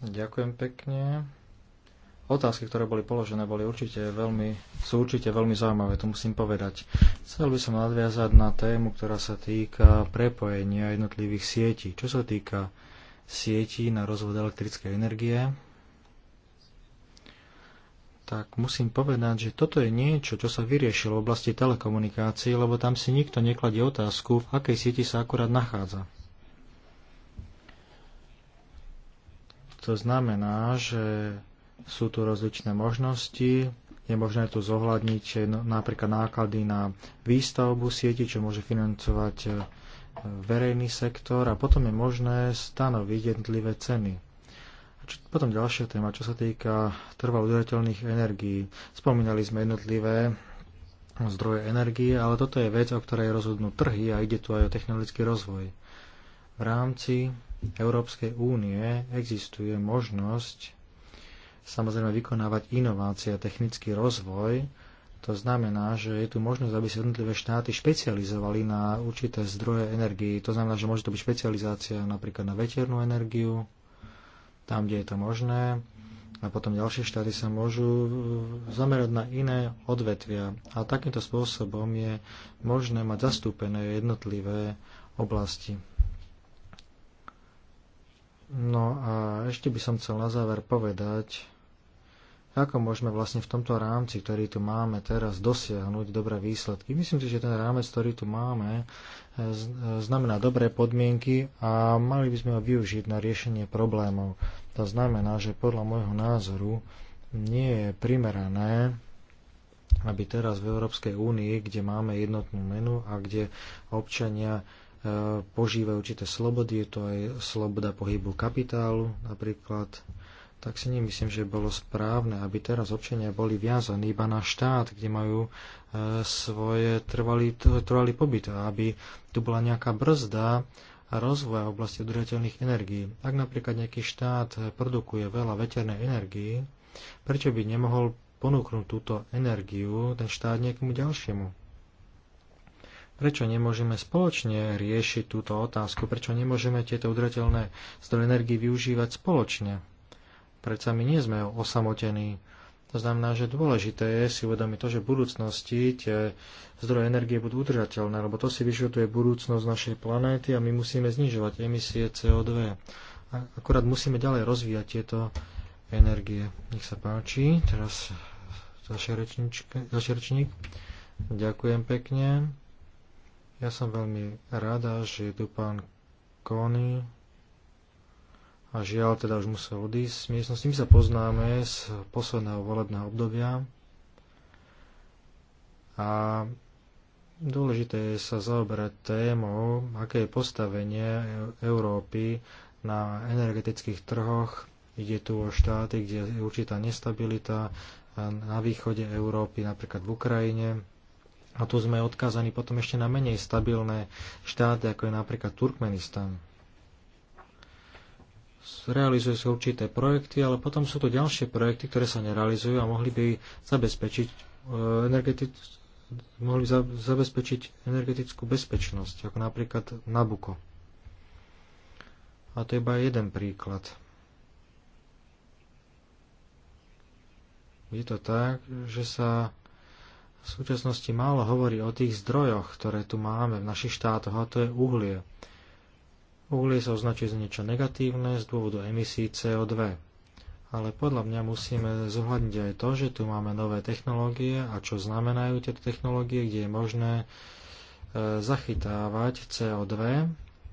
Ďakujem pekne otázky, ktoré boli položené, boli určite veľmi, sú určite veľmi zaujímavé, to musím povedať. Chcel by som nadviazať na tému, ktorá sa týka prepojenia jednotlivých sietí. Čo sa týka sietí na rozvod elektrickej energie, tak musím povedať, že toto je niečo, čo sa vyriešilo v oblasti telekomunikácií, lebo tam si nikto nekladie otázku, v akej sieti sa akurát nachádza. To znamená, že sú tu rozličné možnosti, je možné tu zohľadniť no, napríklad náklady na výstavbu sieti, čo môže financovať e, verejný sektor a potom je možné stanoviť jednotlivé ceny. A čo, potom ďalšia téma, čo sa týka trvalo udržateľných energií. Spomínali sme jednotlivé zdroje energie, ale toto je vec, o ktorej rozhodnú trhy a ide tu aj o technologický rozvoj. V rámci Európskej únie existuje možnosť samozrejme vykonávať inovácie a technický rozvoj. To znamená, že je tu možnosť, aby sa jednotlivé štáty špecializovali na určité zdroje energii. To znamená, že môže to byť špecializácia napríklad na veternú energiu, tam, kde je to možné. A potom ďalšie štáty sa môžu zamerať na iné odvetvia. A takýmto spôsobom je možné mať zastúpené jednotlivé oblasti. No a ešte by som chcel na záver povedať, ako môžeme vlastne v tomto rámci, ktorý tu máme teraz, dosiahnuť dobré výsledky? Myslím si, že ten rámec, ktorý tu máme, znamená dobré podmienky a mali by sme ho využiť na riešenie problémov. To znamená, že podľa môjho názoru nie je primerané, aby teraz v Európskej únii, kde máme jednotnú menu a kde občania e, požívajú určité slobody, je to aj sloboda pohybu kapitálu napríklad, tak si nemyslím, že bolo správne, aby teraz občania boli viazaní iba na štát, kde majú e, svoje trvalý, trvalý pobyt a aby tu bola nejaká brzda a rozvoja v oblasti udržateľných energií. Ak napríklad nejaký štát produkuje veľa veternej energii, prečo by nemohol ponúknuť túto energiu ten štát niekomu ďalšiemu? Prečo nemôžeme spoločne riešiť túto otázku? Prečo nemôžeme tieto udržateľné zdroje energii využívať spoločne? Predsa my nie sme osamotení. To znamená, že dôležité je si uvedomiť to, že v budúcnosti tie zdroje energie budú udržateľné, lebo to si vyžaduje budúcnosť našej planéty a my musíme znižovať emisie CO2. A akurát musíme ďalej rozvíjať tieto energie. Nech sa páči, teraz ďalší rečník. Ďakujem pekne. Ja som veľmi rada, že je tu pán Kony, a žiaľ teda už musel odísť My s ním sa poznáme z posledného volebného obdobia a dôležité je sa zaoberať témou, aké je postavenie Európy na energetických trhoch. Ide tu o štáty, kde je určitá nestabilita na východe Európy, napríklad v Ukrajine. A tu sme odkázaní potom ešte na menej stabilné štáty, ako je napríklad Turkmenistan realizujú sa určité projekty, ale potom sú tu ďalšie projekty, ktoré sa nerealizujú a mohli by zabezpečiť e, energetickú mohli za, zabezpečiť energetickú bezpečnosť, ako napríklad Nabuko. A to je iba jeden príklad. Je to tak, že sa v súčasnosti málo hovorí o tých zdrojoch, ktoré tu máme v našich štátoch, a to je uhlie. Uhlie sa označuje za niečo negatívne z dôvodu emisí CO2. Ale podľa mňa musíme zohľadniť aj to, že tu máme nové technológie a čo znamenajú tieto technológie, kde je možné e, zachytávať CO2.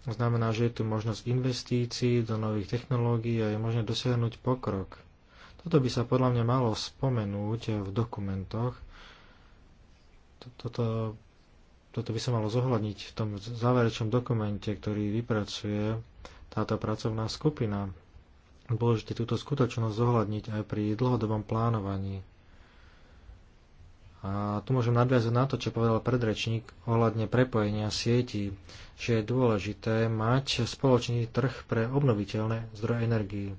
Znamená, že je tu možnosť investícií do nových technológií a je možné dosiahnuť pokrok. Toto by sa podľa mňa malo spomenúť v dokumentoch. Toto toto by sa malo zohľadniť v tom záverečnom dokumente, ktorý vypracuje táto pracovná skupina. Dôležité túto skutočnosť zohľadniť aj pri dlhodobom plánovaní. A tu môžem nadviazať na to, čo povedal predrečník ohľadne prepojenia sietí, že je dôležité mať spoločný trh pre obnoviteľné zdroje energii.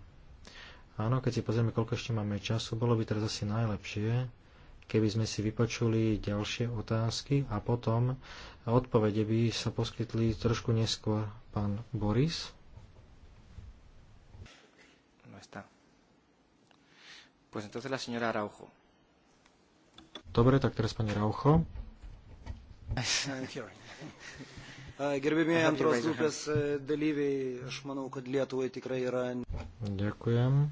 Áno, keď si pozrieme, koľko ešte máme času, bolo by teraz asi najlepšie, keby sme si vypočuli ďalšie otázky a potom odpovede by sa poskytli trošku neskôr pán Boris. No está. Pues entonces la señora Dobre, tak teraz pani Raucho. Gerbimieji antros e, dalyviai, aš manau, kad Lietuvai tikrai yra. Dėkujem.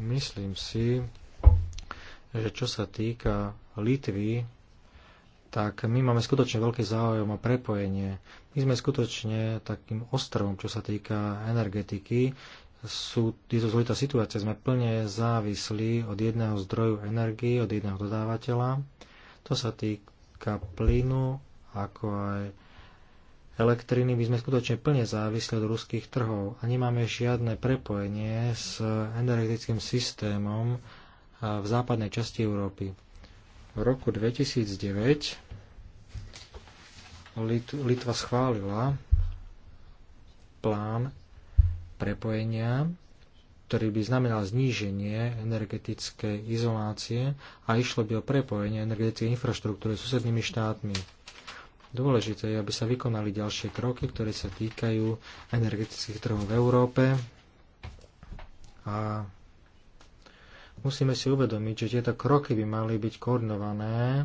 Myslím si, že čo sa týka Litvy, tak my máme skutočne veľký záujem o prepojenie. My sme skutočne takým ostrovom, čo sa týka energetiky. Sú, je to zložitá situácia. Sme plne závislí od jedného zdroju energii, od jedného dodávateľa. To sa týka plynu, ako aj elektriny. My sme skutočne plne závislí od ruských trhov a nemáme žiadne prepojenie s energetickým systémom v západnej časti Európy. V roku 2009 Lit- Litva schválila plán prepojenia, ktorý by znamenal zníženie energetickej izolácie a išlo by o prepojenie energetickej infraštruktúry s susednými štátmi. Dôležité je, aby sa vykonali ďalšie kroky, ktoré sa týkajú energetických trhov v Európe a Musíme si uvedomiť, že tieto kroky by mali byť koordinované eh,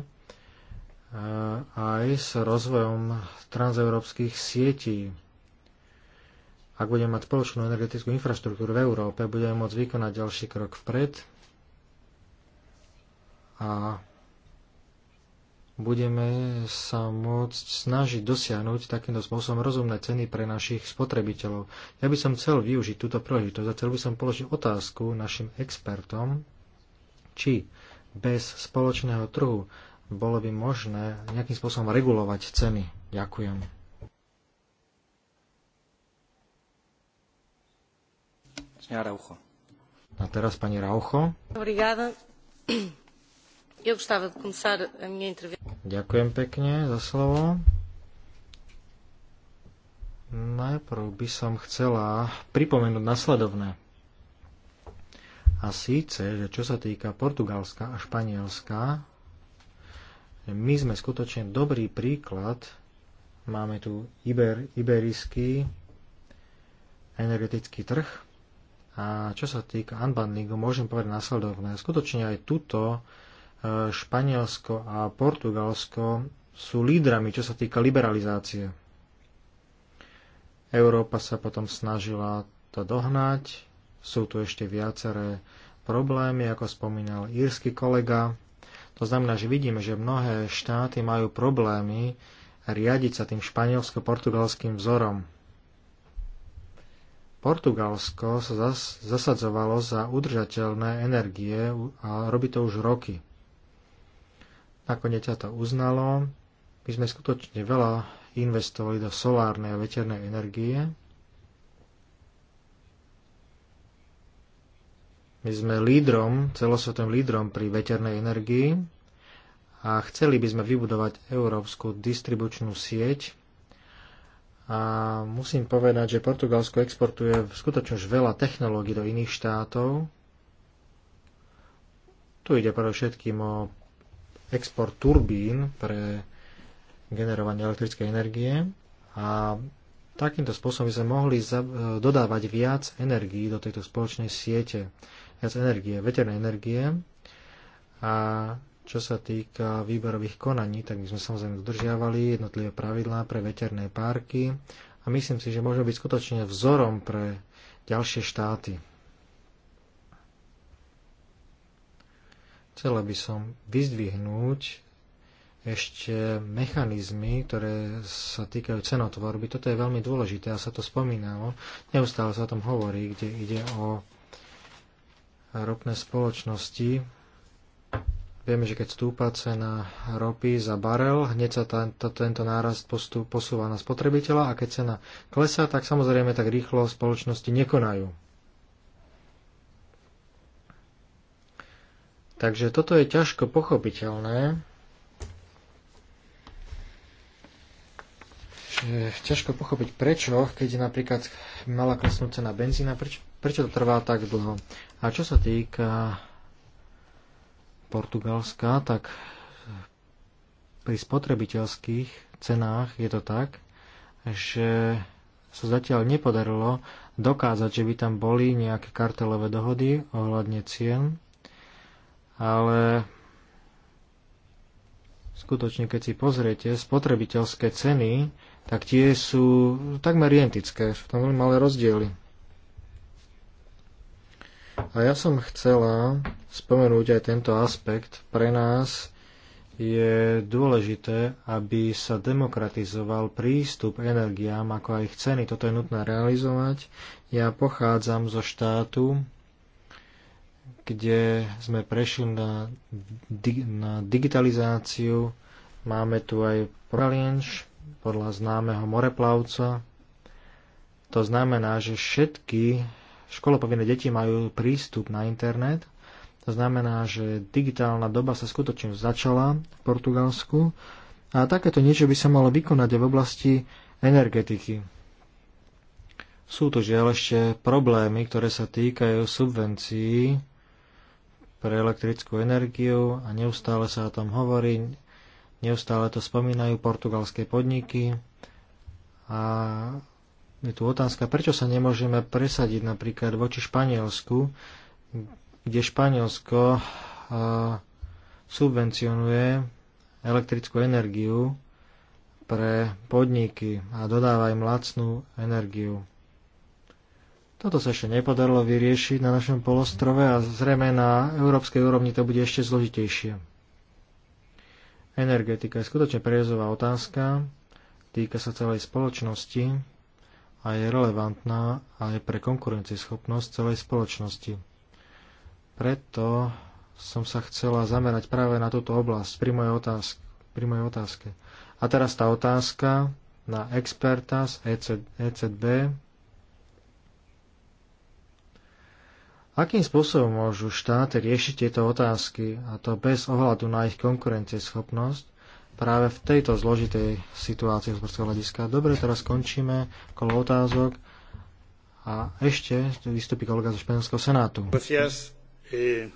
aj s rozvojom transeurópskych sietí. Ak budeme mať spoločnú energetickú infraštruktúru v Európe, budeme môcť vykonať ďalší krok vpred a budeme sa môcť snažiť dosiahnuť takýmto spôsobom rozumné ceny pre našich spotrebiteľov. Ja by som chcel využiť túto príležitosť a chcel by som položiť otázku našim expertom, či bez spoločného trhu bolo by možné nejakým spôsobom regulovať ceny. Ďakujem. A teraz pani Raucho. Ďakujem pekne za slovo. Najprv by som chcela pripomenúť nasledovné. A síce, že čo sa týka Portugalska a Španielska, my sme skutočne dobrý príklad. Máme tu Iber, iberijský energetický trh. A čo sa týka unbundlingu, môžem povedať nasledovné. Skutočne aj tuto E, Španielsko a Portugalsko sú lídrami, čo sa týka liberalizácie. Európa sa potom snažila to dohnať. Sú tu ešte viaceré problémy, ako spomínal írsky kolega. To znamená, že vidíme, že mnohé štáty majú problémy riadiť sa tým španielsko-portugalským vzorom. Portugalsko sa zas, zasadzovalo za udržateľné energie a robí to už roky. Nakoniec sa to uznalo. My sme skutočne veľa investovali do solárnej a veternej energie. My sme lídrom, celosvetovým lídrom pri veternej energii a chceli by sme vybudovať európsku distribučnú sieť. A musím povedať, že Portugalsko exportuje skutočne už veľa technológií do iných štátov. Tu ide predovšetkým o export turbín pre generovanie elektrickej energie a takýmto spôsobom by sme mohli e, dodávať viac energií do tejto spoločnej siete, viac energie, veternej energie a čo sa týka výberových konaní, tak by sme samozrejme dodržiavali jednotlivé pravidlá pre veterné párky a myslím si, že môžeme byť skutočne vzorom pre ďalšie štáty. Chcela by som vyzdvihnúť ešte mechanizmy, ktoré sa týkajú cenotvorby. Toto je veľmi dôležité a sa to spomínalo. Neustále sa o tom hovorí, kde ide o ropné spoločnosti. Vieme, že keď stúpa cena ropy za barel, hneď sa tento, tento nárast posúva na spotrebiteľa a keď cena klesá, tak samozrejme tak rýchlo spoločnosti nekonajú. Takže toto je ťažko pochopiteľné. Ťažko pochopiť prečo, keď je napríklad mala klesnúť cena benzína, prečo, prečo to trvá tak dlho. A čo sa týka Portugalska, tak pri spotrebiteľských cenách je to tak, že sa zatiaľ nepodarilo dokázať, že by tam boli nejaké kartelové dohody ohľadne cien ale skutočne, keď si pozriete spotrebiteľské ceny, tak tie sú takmer identické, sú tam veľmi malé rozdiely. A ja som chcela spomenúť aj tento aspekt. Pre nás je dôležité, aby sa demokratizoval prístup energiám, ako aj ich ceny. Toto je nutné realizovať. Ja pochádzam zo štátu, kde sme prešli na, na digitalizáciu. Máme tu aj pralienč podľa známeho moreplavca. To znamená, že všetky školopovinné deti majú prístup na internet. To znamená, že digitálna doba sa skutočne začala v Portugalsku a takéto niečo by sa malo vykonať aj v oblasti energetiky. Sú to žiaľ ešte problémy, ktoré sa týkajú subvencií pre elektrickú energiu a neustále sa o tom hovorí, neustále to spomínajú portugalské podniky a je tu otázka, prečo sa nemôžeme presadiť napríklad voči Španielsku, kde Španielsko subvencionuje elektrickú energiu pre podniky a dodáva im lacnú energiu. Toto sa ešte nepodarilo vyriešiť na našom polostrove a zrejme na európskej úrovni to bude ešte zložitejšie. Energetika je skutočne prejezová otázka, týka sa celej spoločnosti a je relevantná aj pre konkurencieschopnosť celej spoločnosti. Preto som sa chcela zamerať práve na túto oblasť pri mojej otázke. Pri mojej otázke. A teraz tá otázka na experta z ECB, e Akým spôsobom môžu štáty riešiť tieto otázky, a to bez ohľadu na ich konkurencieschopnosť, práve v tejto zložitej situácii z hľadiska? Dobre, teraz skončíme kolo otázok a ešte vystupí kolega zo Španielského senátu. Eh.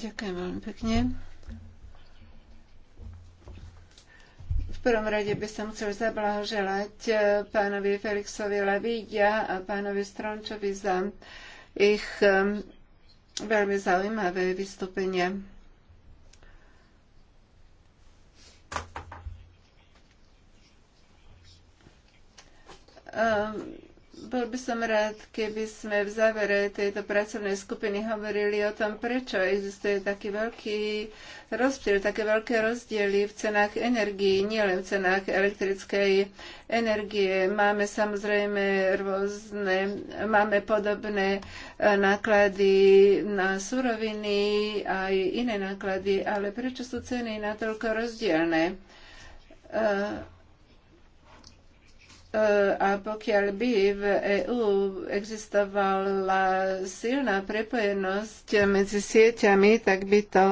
Ďakujem veľmi pekne. V prvom rade by som chcel zablahoželať eh, pánovi Felixovi Levíďa a pánovi Strončovi za ich ehm, veľmi zaujímavé vystúpenie. Um, bol by som rád, keby sme v závere tejto pracovnej skupiny hovorili o tom, prečo existuje taký veľký rozdiel, také veľké rozdiely v cenách energii, nielen v cenách elektrickej energie. Máme samozrejme rôzne, máme podobné e, náklady na suroviny a aj iné náklady, ale prečo sú ceny natoľko rozdielne? E, a pokiaľ by v EÚ existovala silná prepojenosť medzi sieťami, tak by to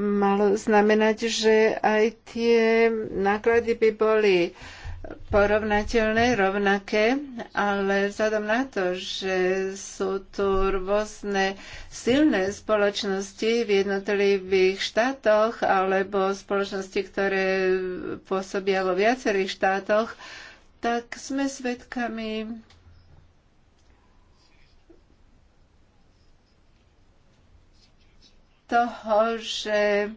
malo znamenať, že aj tie náklady by boli porovnateľné, rovnaké, ale vzhľadom na to, že sú tu rôzne silné spoločnosti v jednotlivých štátoch alebo spoločnosti, ktoré pôsobia vo viacerých štátoch, tak sme svedkami toho, že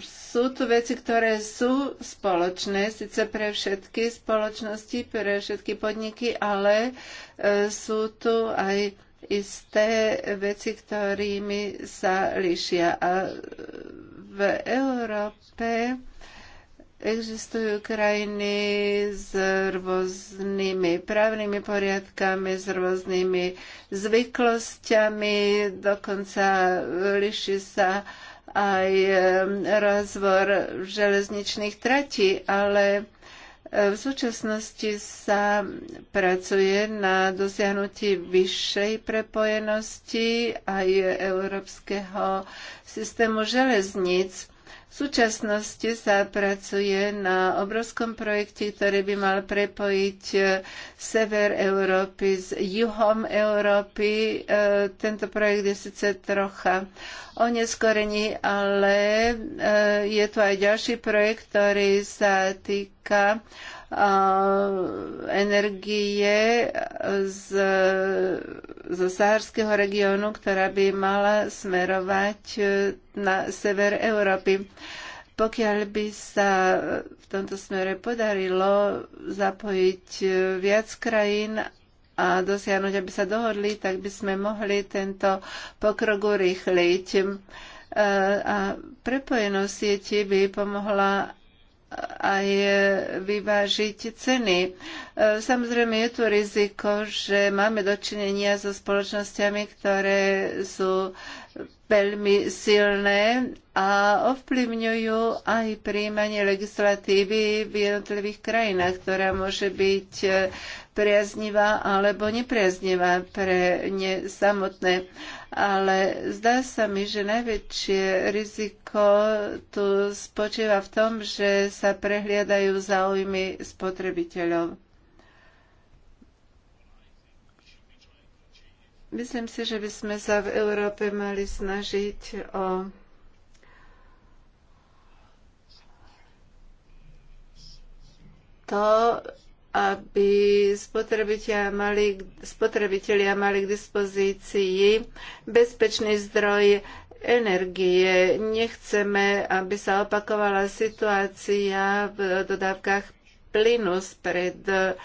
sú tu veci, ktoré sú spoločné, síce pre všetky spoločnosti, pre všetky podniky, ale e, sú tu aj isté veci, ktorými sa líšia. A v Európe Existujú krajiny s rôznymi právnymi poriadkami, s rôznymi zvyklosťami, dokonca liši sa aj rozvor železničných tratí, ale v súčasnosti sa pracuje na dosiahnutí vyššej prepojenosti aj európskeho systému železníc v súčasnosti sa pracuje na obrovskom projekte, ktorý by mal prepojiť e, sever Európy s juhom Európy. E, tento projekt je sice trocha oneskorený, ale e, je tu aj ďalší projekt, ktorý sa týka týka uh, energie z, zo sahárskeho regiónu, ktorá by mala smerovať uh, na sever Európy. Pokiaľ by sa v tomto smere podarilo zapojiť uh, viac krajín a dosiahnuť, aby sa dohodli, tak by sme mohli tento pokrok urýchliť a prepojenosť sieti by pomohla aj e, vyvážiť ceny. E, samozrejme je tu riziko, že máme dočinenia so spoločnosťami, ktoré sú veľmi silné a ovplyvňujú aj príjmanie legislatívy v jednotlivých krajinách, ktorá môže byť e, priaznivá alebo nepriaznivá pre ne samotné. Ale zdá sa mi, že najväčšie riziko tu spočíva v tom, že sa prehliadajú záujmy spotrebiteľov. Myslím si, že by sme sa v Európe mali snažiť o to, aby spotrebitelia mali, spotrebitelia mali k dispozícii bezpečný zdroj energie. Nechceme, aby sa opakovala situácia v dodávkach plynu spred e,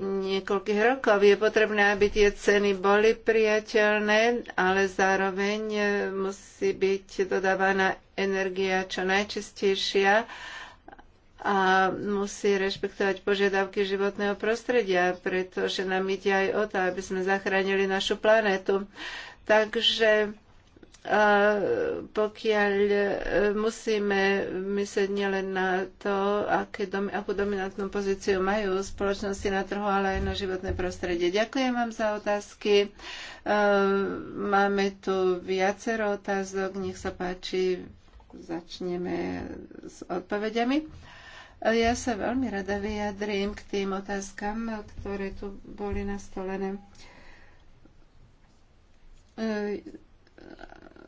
niekoľkých rokov. Je potrebné, aby tie ceny boli priateľné, ale zároveň e, musí byť dodávaná energia čo najčistejšia a musí rešpektovať požiadavky životného prostredia, pretože nám ide aj o to, aby sme zachránili našu planetu. Takže pokiaľ e, musíme myslieť nielen na to, aké dom, akú dominantnú pozíciu majú spoločnosti na trhu, ale aj na životné prostredie. Ďakujem vám za otázky. E, máme tu viacero otázok. Nech sa páči, začneme s odpovediami. Ja sa veľmi rada vyjadrím k tým otázkam, ktoré tu boli nastolené. E,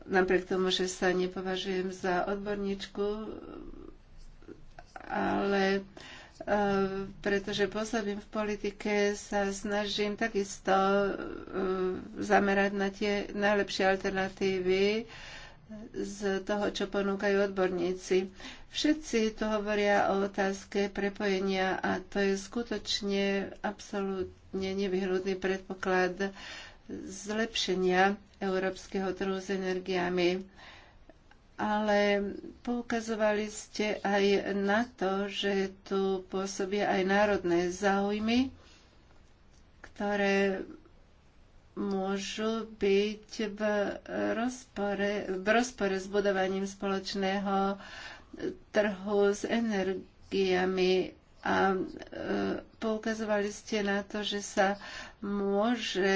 napriek tomu, že sa nepovažujem za odborníčku, ale e, pretože pôsobím v politike, sa snažím takisto e, zamerať na tie najlepšie alternatívy, z toho, čo ponúkajú odborníci. Všetci tu hovoria o otázke prepojenia a to je skutočne absolútne nevyhnutný predpoklad zlepšenia európskeho trhu s energiami. Ale poukazovali ste aj na to, že tu pôsobia aj národné záujmy, ktoré môžu byť v rozpore, v rozpore s budovaním spoločného trhu s energiami a e, poukazovali ste na to, že sa môže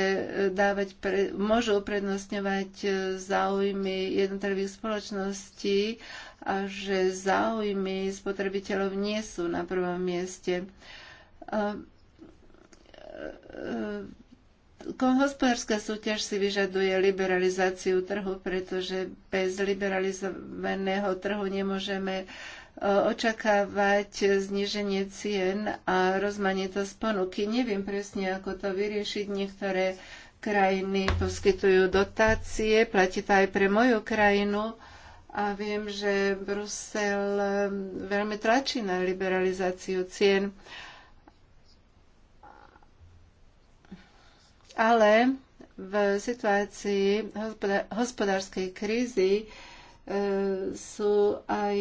dávať, pre, môžu uprednostňovať záujmy jednotlivých spoločností a že záujmy spotrebiteľov nie sú na prvom mieste e, e, Hospodárska súťaž si vyžaduje liberalizáciu trhu, pretože bez liberalizovaného trhu nemôžeme e, očakávať zníženie cien a rozmanitosť ponuky. Neviem presne, ako to vyriešiť. Niektoré krajiny poskytujú dotácie, platí to aj pre moju krajinu a viem, že Brusel e, veľmi tlačí na liberalizáciu cien. Uh, ale v situácii hospodárskej krízy e, sú aj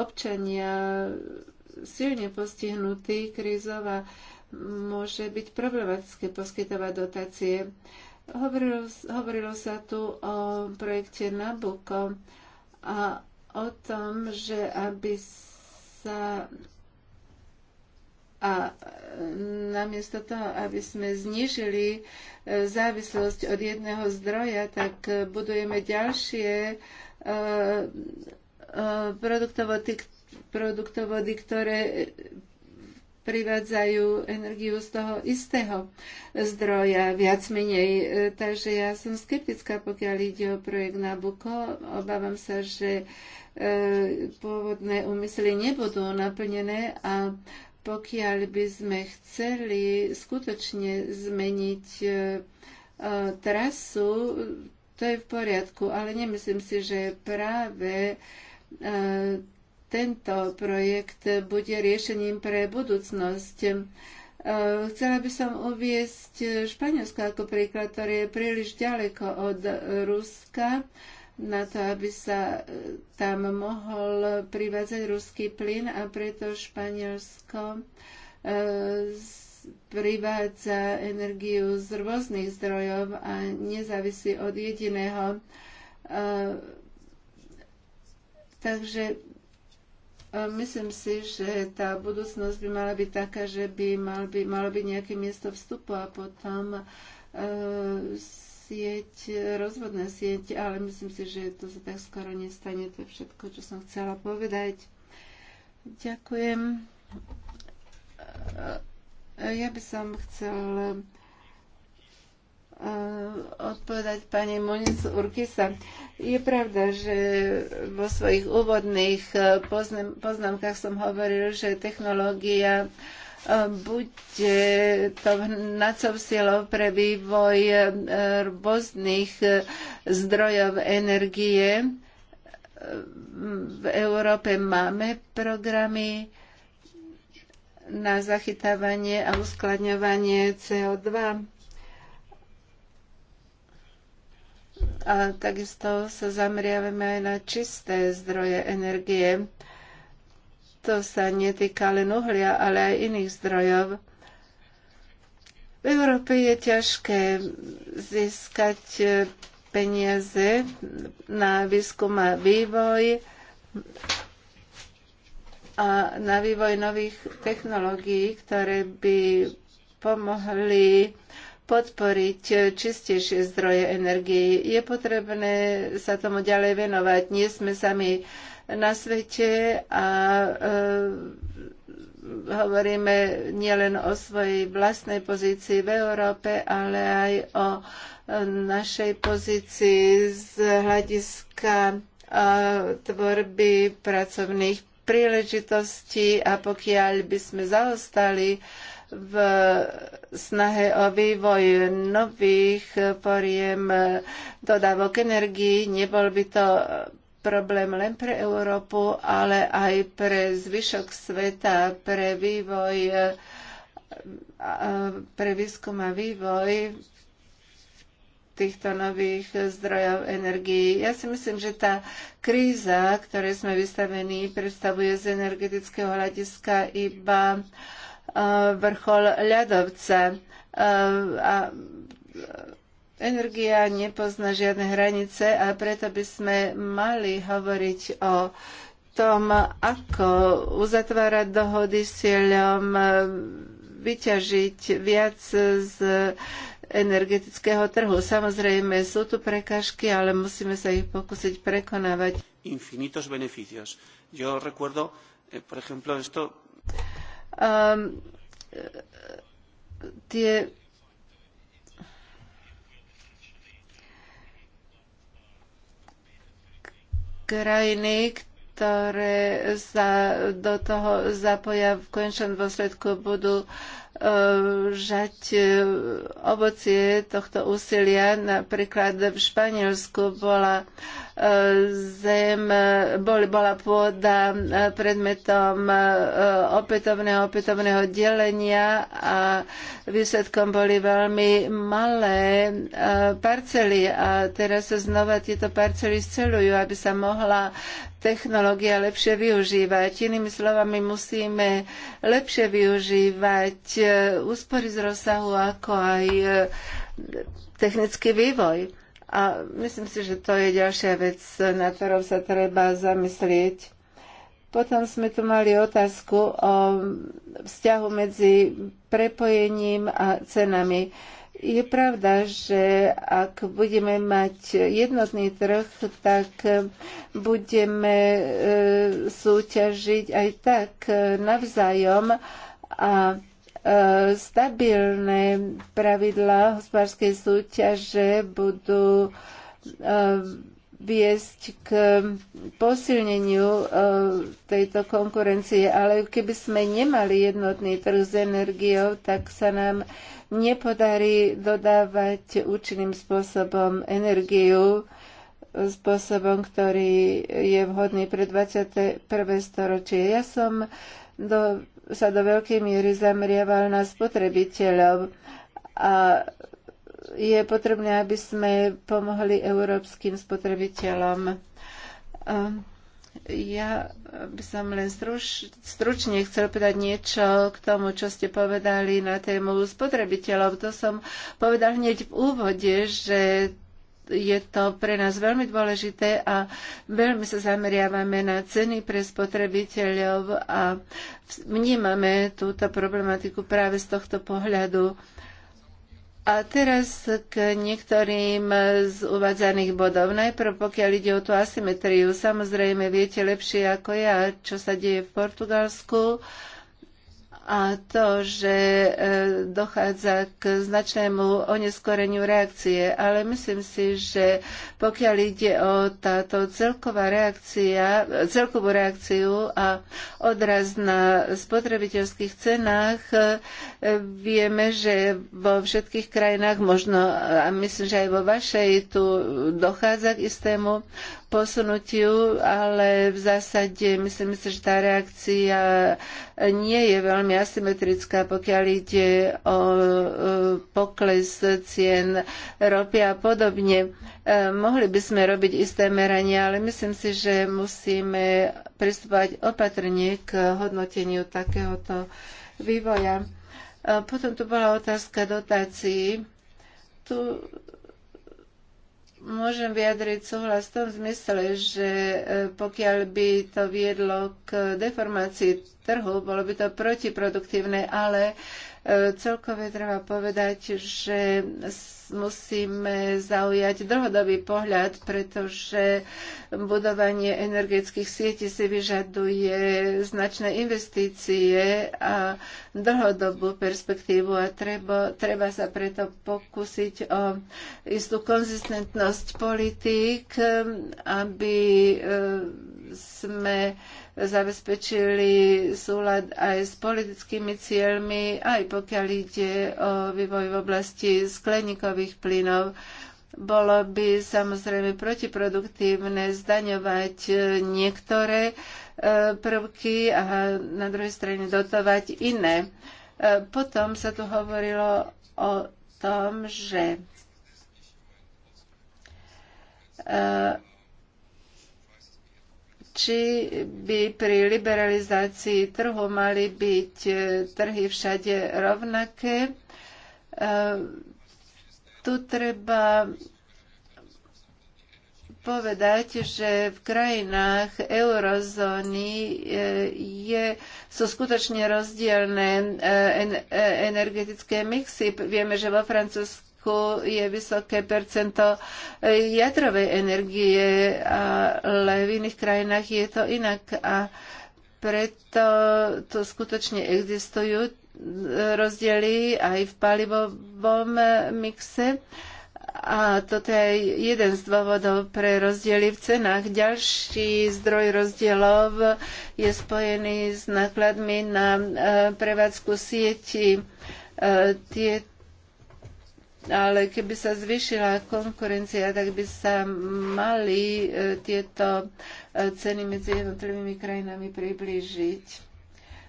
občania silne postihnutí krízov a môže byť problematické poskytovať dotácie. Hovorilo, hovorilo sa tu o projekte Nabucco a o tom, že aby sa a e, namiesto toho, aby sme znižili e, závislosť od jedného zdroja, tak e, budujeme ďalšie produktovody, produktovody ktoré privádzajú energiu z toho istého zdroja, viac menej. Takže ja som skeptická, pokiaľ ide o projekt Nabuko. Obávam sa, že pôvodné úmysly nebudú naplnené a pokiaľ by sme chceli skutočne zmeniť e, e, trasu, to je v poriadku, ale nemyslím si, že práve e, tento projekt bude riešením pre budúcnosť. Chcela by som uviesť Španielsko ako príklad, ktoré je príliš ďaleko od Ruska na to, aby sa e, tam mohol privádzať ruský plyn a preto Španielsko e, privádza energiu z rôznych zdrojov a nezávisí od jediného. E, takže myslím si, že tá budúcnosť by mala byť taká, že by mal by, malo byť nejaké miesto vstupu a potom sieť, rozvodná sieť, ale myslím si, že to sa tak skoro nestane. To je všetko, čo som chcela povedať. Ďakujem. E, e, ja by som chcel e, odpovedať pani Moniz Urkisa. Je pravda, že vo svojich úvodných poznámkach som hovoril, že technológia bude to hnacou silou pre vývoj e, rôznych e, zdrojov energie. E, v Európe máme programy na zachytávanie a uskladňovanie CO2. A takisto sa zameriavame aj na čisté zdroje energie to sa netýka len uhlia, ale aj iných zdrojov. V Európe je ťažké získať e, peniaze na výskum a vývoj a na vývoj nových technológií, ktoré by pomohli podporiť čistejšie zdroje energie. Je potrebné sa tomu ďalej venovať. Nie sme sami uh, na svete a e, hovoríme nielen o svojej vlastnej pozícii v Európe, ale aj o e, našej pozícii z hľadiska e, tvorby pracovných príležitostí a pokiaľ by sme zaostali v snahe o vývoj nových poriem dodávok energii, nebol by to problém len pre Európu, ale aj pre zvyšok sveta, pre vývoj, pre výskum a vývoj týchto nových zdrojov energií. Ja si myslím, že tá kríza, ktoré sme vystavení, predstavuje z energetického hľadiska iba vrchol ľadovca. A Energia nepozná žiadne hranice a preto by sme mali hovoriť o tom, ako uzatvárať dohody s cieľom eh, vyťažiť viac z energetického trhu. Samozrejme, sú tu prekažky, ale musíme sa ich pokúsiť prekonávať. Infinitos beneficios. Yo recuerdo, eh, por ejemplo, esto... Um, tie krajiny, ktoré sa do toho zapoja v končnom dôsledku budú e, žať e, ovocie tohto úsilia. Napríklad v Španielsku bola zem bol, bola pôda e, predmetom e, opätovného, opätovného delenia a výsledkom boli veľmi malé e, parcely a teraz sa znova tieto parcely scelujú, aby sa mohla technológia lepšie využívať. Inými slovami, musíme lepšie využívať úspory z rozsahu, ako aj technický vývoj. A myslím si, že to je ďalšia vec, na ktorou sa treba zamyslieť. Potom sme tu mali otázku o vzťahu medzi prepojením a cenami. Je pravda, že ak budeme mať jednotný trh, tak budeme e, súťažiť aj tak e, navzájom a Eh, stabilné pravidlá hospodárskej súťaže budú eh, viesť k posilneniu eh, tejto konkurencie, ale keby sme nemali jednotný trh s energiou, tak sa nám nepodarí dodávať účinným spôsobom energiu, spôsobom, ktorý je vhodný pre 21. storočie. Ja som do sa do veľkej miery zameriaval na spotrebiteľov a je potrebné, aby sme pomohli európskym spotrebiteľom. Ehm, ja by som len struč, stručne chcel povedať niečo k tomu, čo ste povedali na tému spotrebiteľov. To som povedal hneď v úvode, že je to pre nás veľmi dôležité a veľmi sa zameriavame na ceny pre spotrebiteľov a vnímame túto problematiku práve z tohto pohľadu. A teraz k niektorým z uvádzaných bodov. Najprv, pokiaľ ide o tú asymetriu, samozrejme viete lepšie ako ja, čo sa deje v Portugalsku. Uh, a to, že e, dochádza k značnému oneskoreniu reakcie. Ale myslím si, že pokiaľ ide o táto celková reakcia, celkovú reakciu a odraz na spotrebiteľských cenách, e, vieme, že vo všetkých krajinách, možno a myslím, že aj vo vašej, tu dochádza k istému posunutiu, ale v zásade myslím si, že tá reakcia nie je veľmi veľmi asymetrická, pokiaľ ide o e, pokles cien ropy a podobne. E, mohli by sme robiť isté merania, ale myslím si, že musíme pristúpať opatrne k hodnoteniu takéhoto vývoja. E, potom tu bola otázka dotácií. Tu môžem vyjadriť súhlas v tom zmysle, že pokiaľ by to viedlo k deformácii trhu, bolo by to protiproduktívne, ale e, celkové treba povedať, že musíme zaujať dlhodobý pohľad, pretože budovanie energetických sietí si vyžaduje značné investície a dlhodobú perspektívu a treba, treba sa preto pokúsiť o istú konzistentnosť politík, aby e, sme zabezpečili súlad aj s politickými cieľmi, aj pokiaľ ide o vývoj v oblasti skleníkových plynov. Bolo by samozrejme protiproduktívne zdaňovať e, niektoré e, prvky a na druhej strane dotovať iné. E, potom sa tu hovorilo o tom, že či by pri liberalizácii trhu mali byť e, trhy všade rovnaké. E, tu treba povedať, že v krajinách eurozóny e, je, sú skutočne rozdielne energetické mixy. Vieme, že vo Francúzsku Rusku je vysoké percento jadrovej energie, ale v iných krajinách je to inak a preto tu skutočne existujú rozdiely aj v palivovom mixe. A toto je jeden z dôvodov pre rozdiely v cenách. Ďalší zdroj rozdielov je spojený s nákladmi na eh, prevádzku sieti. Eh, tieto ale keby sa zvyšila konkurencia, tak by sa mali e, tieto e, ceny medzi jednotlivými krajinami priblížiť.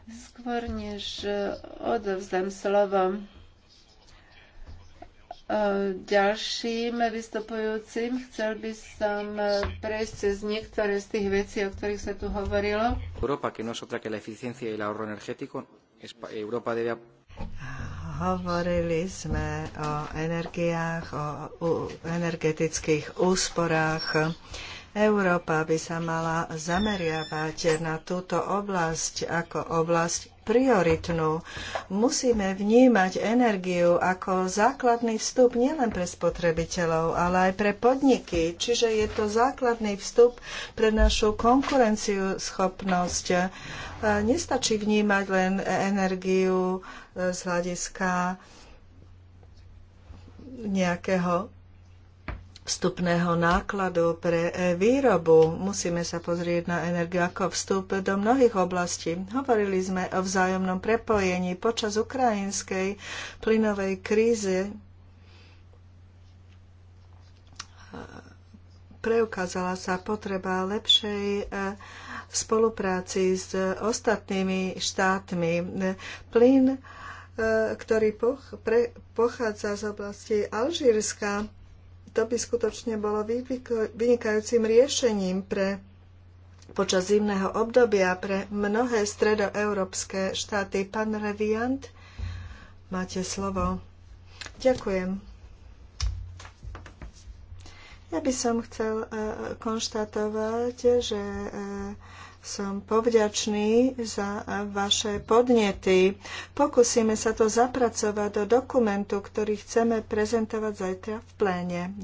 Skôr než e, odovzdám slovo ďalším vystupujúcim, chcel by som prejsť cez niektoré z tých vecí, o ktorých sa tu hovorilo. Európa, que no es otra la eficiencia y el ahorro energético, Europa debe Hovorili sme o energiách, o energetických úsporách. Európa by sa mala zameriavať na túto oblasť ako oblasť prioritnú. Musíme vnímať energiu ako základný vstup nielen pre spotrebiteľov, ale aj pre podniky. Čiže je to základný vstup pre našu konkurenciu schopnosť. Nestačí vnímať len energiu z hľadiska nejakého vstupného nákladu pre e, výrobu. Musíme sa pozrieť na energiu ako vstup do mnohých oblastí. Hovorili sme o vzájomnom prepojení počas ukrajinskej plynovej krízy. Preukázala sa potreba lepšej e, spolupráci s ostatnými štátmi. Plyn E, ktorý pochádza z oblasti Alžírska. To by skutočne bolo vynikajúcim riešením pre počas zimného obdobia pre mnohé stredoeurópske štáty. Pán Reviant, máte slovo. Ďakujem. Ja by som chcel e, konštatovať, že e, som povďačný za e, vaše podnety. Pokúsime sa to zapracovať do dokumentu, ktorý chceme prezentovať zajtra v pléne.